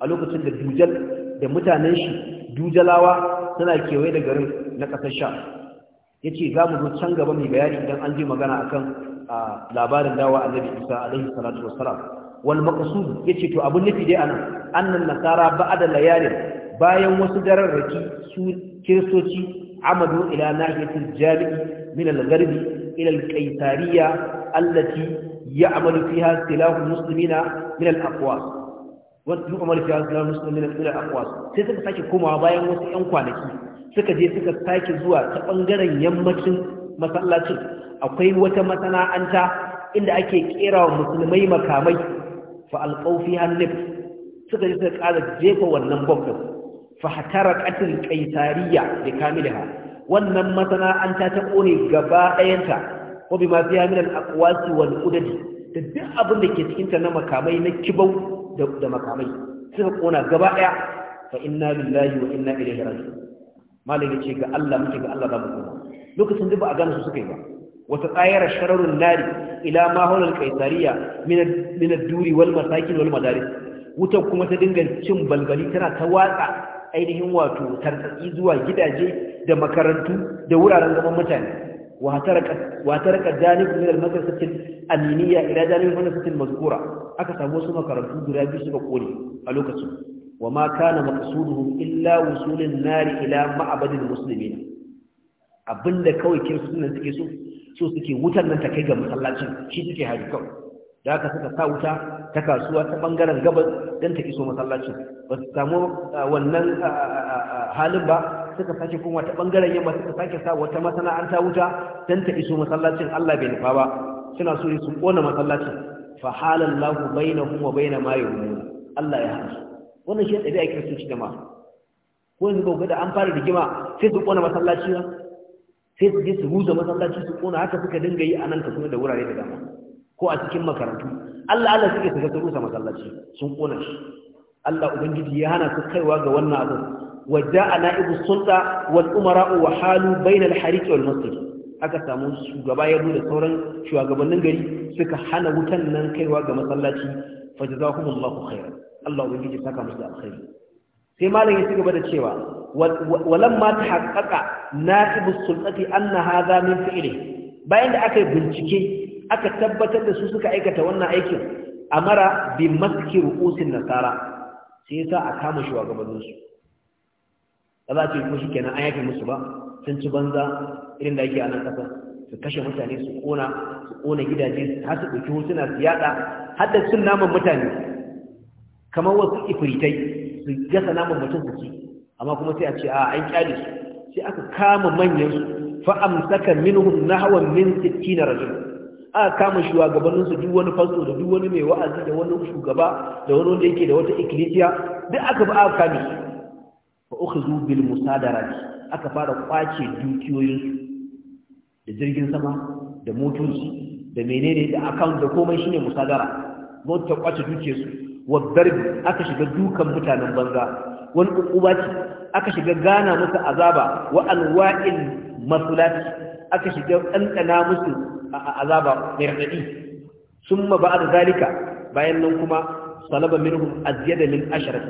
a lokacin da dujal da mutanen shi dujalawa suna kewaye da garin na kasar sha yace za mu zo can gaba mai bayani idan an ji magana kan labarin dawa annabi Isa alaihi salatu wassalam wal maqsud yace to abun nufi dai anan annan nasara ba'da layalin bayan wasu dararraki su kiristoci عمدوا إلى ناحية الجامع من الغرب إلى القيسارية التي يعمل فيها سلاح المسلمين من الأقواس ويعمل فيها سلاح المسلمين من الأقواس سيسك ساكي كما بايا وسي أنقوانكي سكا جي سكا ساكي زوا تبنغر يمكن مسألة أقوي وتمتنا أنت إلا أكي كيرا مسلمي مكامي فألقوا فيها النفس suka ji suka ƙara jefa wannan bom ɗin fahtara katil kaisariya da kamilaha wannan masana'anta ta kone gaba ɗayanta ko bi ma fiya min al-aqwasi wal udadi da duk abin da ke cikin ta na makamai na kibau da makamai suka kona gaba ɗaya fa inna lillahi wa inna ilaihi raji'un malaka ce ga Allah muke ga Allah ba mu koma lokacin da ba a gane su suka yi ba Wata وتطاير شرر النار إلى duri, wal القيصرية من من Wutar kuma ta dinga cin شم tana ta تواقع ainihin wato tartsatsi zuwa gidaje da makarantu da wuraren zaman mutane wa raka janibu min al-madrasatil aminiya ila janib madrasatil mazkura aka samu wasu makarantu guda biyu suka kone a lokacin wa ma kana maqsuduhum illa wusulin nari ila maabadin muslimin abinda kawai kirsunan suke so so suke wutar nan ta kai ga masallacin shi suke hari kawai da aka suka sa wuta ta kasuwa ta bangaren gabas don ta iso masallacin ba su samu wannan halin ba suka sake kuma ta bangaren yamma suka sake sa wata masana'anta wuta don ta iso masallacin Allah bai nufa ba suna so su kona masallacin fa halal lahu na wa bai ma yu'minun Allah ya hana wannan shi da ake so ci da ma ko yanzu ba da an fara rigima sai su kona masallaci sai su je su huza masallaci su kona haka suka dinga yi a nan ka kuma da wurare da dama ko a cikin makarantu Allah Allah suke suka rusa masallaci sun kona shi Allah ubangiji ya hana su kaiwa ga wannan abu wajaa na'ibu sulta wal umara wa halu bayna al hariq wal masjid aka samu shugaba ya da sauran shugabannin gari suka hana wutan nan kaiwa ga masallaci fajazahumullahu khairan Allah ubangiji saka musu alkhairi sai malam ya ci gaba da cewa walamma tahaqqaqa na'ibu sultati anna hadha min fi'li bayan da aka bincike aka tabbatar da su suka aikata wannan aikin amara bi maski ru'usin nasara sai yasa a kama shugabannin su ba za ce ko shikenan an yafi musu ba sun ci banza irin da ake a nan kasa su kashe mutane su kona su kona gidaje har su ɗauki hotuna su yaɗa har da sun naman mutane kamar wasu ifiritai su gasa naman mutum su ci amma kuma sai a ce a an kyale su sai aka kama manyan su fa amsaka minhum nahwan min 60 rajul aka kama shugabanninsu duk wani fasto da duk wani mai wa'azi da wani shugaba da wani wanda yake da wata ikkilisiya duk aka ba aka kame fa ukhzu bil musadarati aka fara kwace dukiyoyinsu da jirgin sama da motoci da menene da account da komai shine musadara mota ta kwace su wa darbi aka shiga dukan mutanen banza wani ukuba ce aka shiga gana musu azaba wa alwa'il masulati aka shiga ɗanɗana musu a azaba mai raɗaɗi sun ma ba da zalika bayan nan kuma salaba minhum aziyada min asharat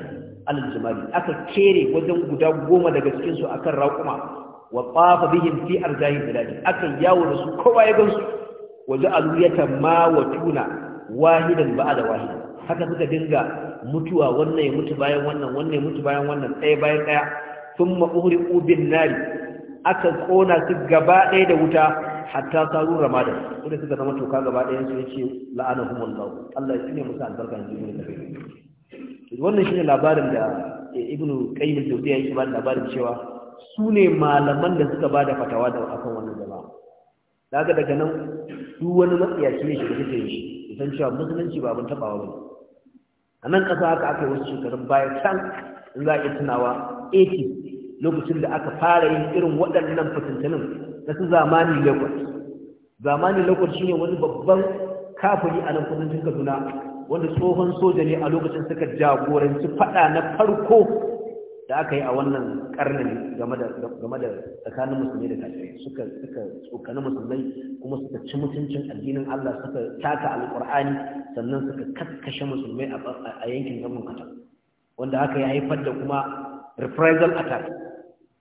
al-jumali aka kere wajen guda goma daga cikin su akan raƙuma wa tafa bihim fi arzahi biladi aka yawo da su kowa ya gansu Waje ja'alu yatama wa tuna wahidan da wahidan haka suka dinga mutuwa wannan ya mutu bayan wannan wannan ya mutu bayan wannan ɗaya bayan ɗaya thumma uhriqu bin nari aka kona su gaba ɗaya da wuta hatta saru ramadan wanda suka zama toka gaba ɗaya su yace la'anahumullahu Allah ya tsine musu albarka in jini da kai wannan shine labarin da ibnu qayyim al yake ba labarin cewa su ne malaman da suka bada fatawa da akan wannan jama'a daga daga nan duk wani matsayaci ne shi da kake shi idan cewa musulunci ba abin tabawa ba a nan ƙasa haka aka yi wasu shekarun baya can in za a iya tunawa 80 lokacin da aka fara yin irin waɗannan fitintunin na su zamani lagos zamani lagos shine wani babban kafiri a nan kudancin kaduna wanda tsohon soja ne a lokacin suka jagoranci fada na farko da aka yi a wannan karnin game da tsakanin musulmi da kafirai suka tsokani musulmai kuma suka ci mutuncin addinin Allah suka taka alqur'ani sannan suka kakkashe musulmai a yankin zaman kata wanda aka yi haifar da kuma reprisal attack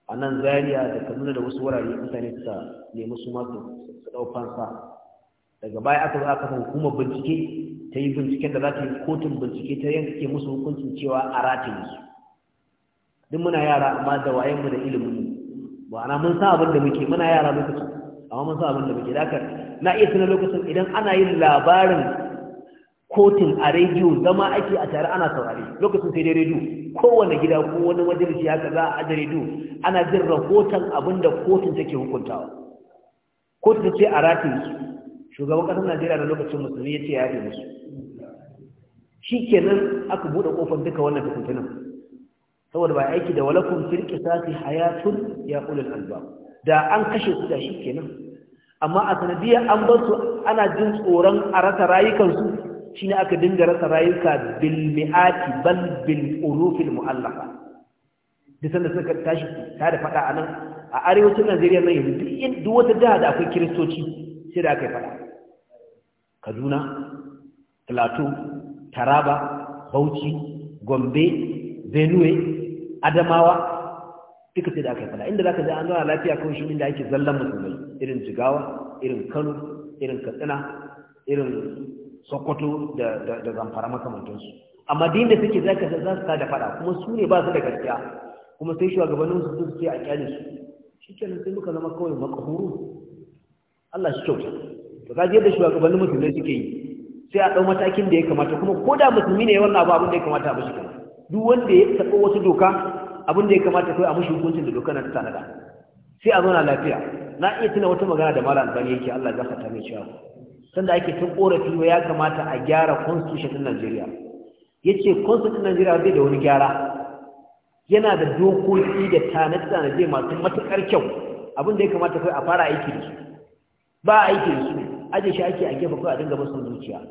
a nan Zariya da kaduna da wasu wurare mutane suka nemi su ma su ɗau fansa daga baya aka zo aka san hukumar bincike ta yi binciken da za ta yi kotun bincike ta yanke musu hukuncin cewa a rataye su duk muna yara amma da wayenmu da ilimin mu ma'ana mun san abin da muke muna yara lokacin amma mun san abin da muke da na iya tuna lokacin idan ana yin labarin kotun a rediyo zama ake a tare ana saurari lokacin sai dai rediyo kowane gida ko wani majalisi haka za a ajiye rediyo ana jin rahoton abin da kotun take hukuntawa kotun ce a ratin su shugaban ƙasar najeriya da lokacin musulmi ya ce ya yi musu shi kenan aka buɗe ƙofar duka wannan fitintunan saboda ba aiki da walakun firki sati hayatun ya ƙulul alba da an kashe su da shi kenan amma a sanadiyar an bar su ana jin tsoron a rasa rayukansu ne aka dinga rasa rayuka bilmiati bal bil ulufil mu'allafa duk sanda suka tashi ta da fada anan a arewacin Najeriya nan yanzu duk wata jiha da akwai kiristoci sai da aka yi fada Kaduna Plateau Taraba Bauchi Gombe Benue Adamawa duk sai da aka yi fada inda zaka ji an zo lafiya kawai shi inda ake zallan musulmai irin Jigawa irin Kano irin Katsina irin sokoto da zamfara makamantansu amma din da suke za ka za su ta da fada kuma su ne ba su da gaskiya kuma sai shugabannin su suke a kyale su shi kenan sai muka zama kawai makahuru Allah shi kyauta to kaji yadda shugabannin musulmai suke yi sai a ɗau matakin da ya kamata kuma ko da musulmi ne wannan abu abin da ya kamata a mashi kenan duk wanda ya taɓa wasu doka abin da ya kamata kawai a mashi hukuncin da doka na ta tanada sai a zauna lafiya na iya tuna wata magana da malam bani yake Allah ya gafarta mai cewa sanda ake ta korafi wa ya kamata a gyara constitution din Najeriya yace constitution din Najeriya bai da wani gyara yana da dokoki da tanade-tanade masu matakar kyau abin da ya kamata kai a fara aiki da su ba aiki da su aje shi ake a gefe kai a dinga basun zuciya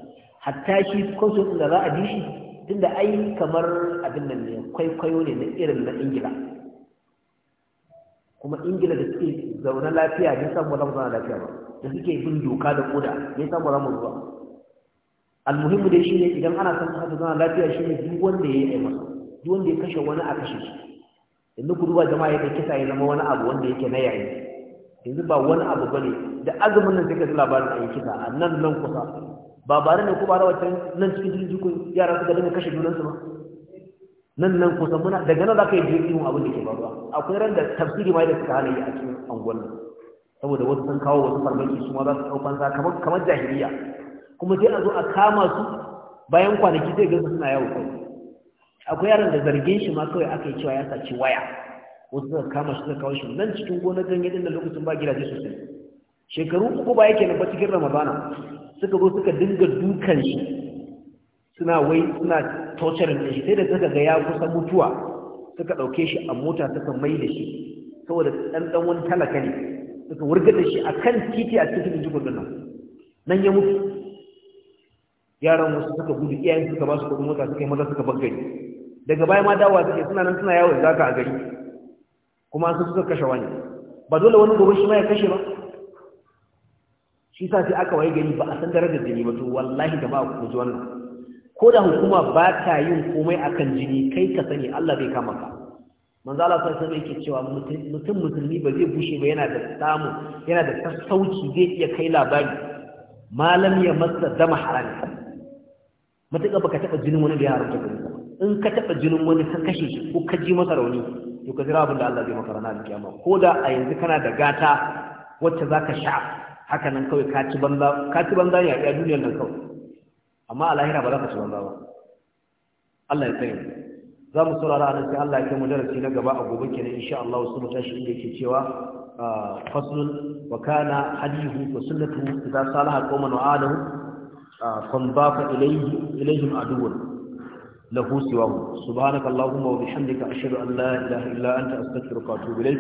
hatta shi constitution da za a bi shi tunda ai kamar abin nan ne kwaikwayo ne na irin na Ingila kuma Ingila da suke zaune lafiya bin samu wani zaune lafiya ba da suke bin doka da koda me yasa ba za mu zuwa almuhimmu dai shine idan ana son haka zan lafiya shine duk wanda ya yi masa duk wanda ya kashe wani a kashe shi yanzu ku duba jama'a ya kisa ya zama wani abu wanda yake na yayi yanzu ba wani abu bane da azumin nan take ka ji labarin an kisa a nan nan kusa ba bare ne ku ba rawatan nan cikin ku yara suka dinga kashe junansu ba nan nan kusa muna daga nan za ka yi jirgin abin da ke ba akwai ran da tafsiri ma da suka hana yi a cikin anguwan nan saboda wasu sun kawo wasu farmaki su ma za su ɗaukan sa kamar jahiliya kuma sai a zo a kama su bayan kwanaki zai gansu suna yawo kai akwai yaran da zargin shi ma kawai aka yi cewa ya saci waya wasu suka kama shi suka kawo shi nan cikin gonar ganye din da lokacin ba gidaje sosai shekaru uku ba yake na ba cikin ramadana suka zo suka dinga dukan shi suna wai suna torturing da shi sai da suka ga ya kusa mutuwa suka ɗauke shi a mota suka mai da shi saboda ɗanɗan wani talaka ne suka wurga da shi akan titi a cikin jikun nan nan ya mutu yaran wasu suka gudu iyayen suka ba su kudin wata suka yi maza suka bangare daga baya ma dawa suke suna nan suna yawon zaka a gari kuma su suka kashe wani ba dole wani gobe shi ma ya kashe ba shi sa sai aka waye gari ba a san darajar jini ba to wallahi da ba ku ji wannan ko da hukuma ba ta yin komai akan jini kai ka sani Allah zai kama ka manzo Allah sai sai yake cewa mutum musulmi ba zai bushe ba yana da samu yana da sassauci zai iya kai labari malam ya masa dama harami matuƙa baka taba jinin wani da ya haramta ka ba in ka taba jinin wani ka kashe shi ko ka ji masa rauni to ka jira abinda da Allah zai maka da kiyama ko da a yanzu kana da gata wacce zaka sha haka nan kawai ka ci banza ka ci banza ne a duniyar nan kawai amma a lahira ba za ka ci banza ba Allah ya tsare za mu saurara nan sai Allah ya kai mu darasi na gaba a gobe kenan insha Allah su mu tashi inda yake cewa ah, faslun wa kana hadihu wa sunnatuhu idza salaha qauman wa adahu ah, fanbafa ilayhi ilayhim aduwwan lahu siwahu subhanakallahumma wa bihamdika ashhadu an la ilaha illa anta astaghfiruka wa atubu ilayk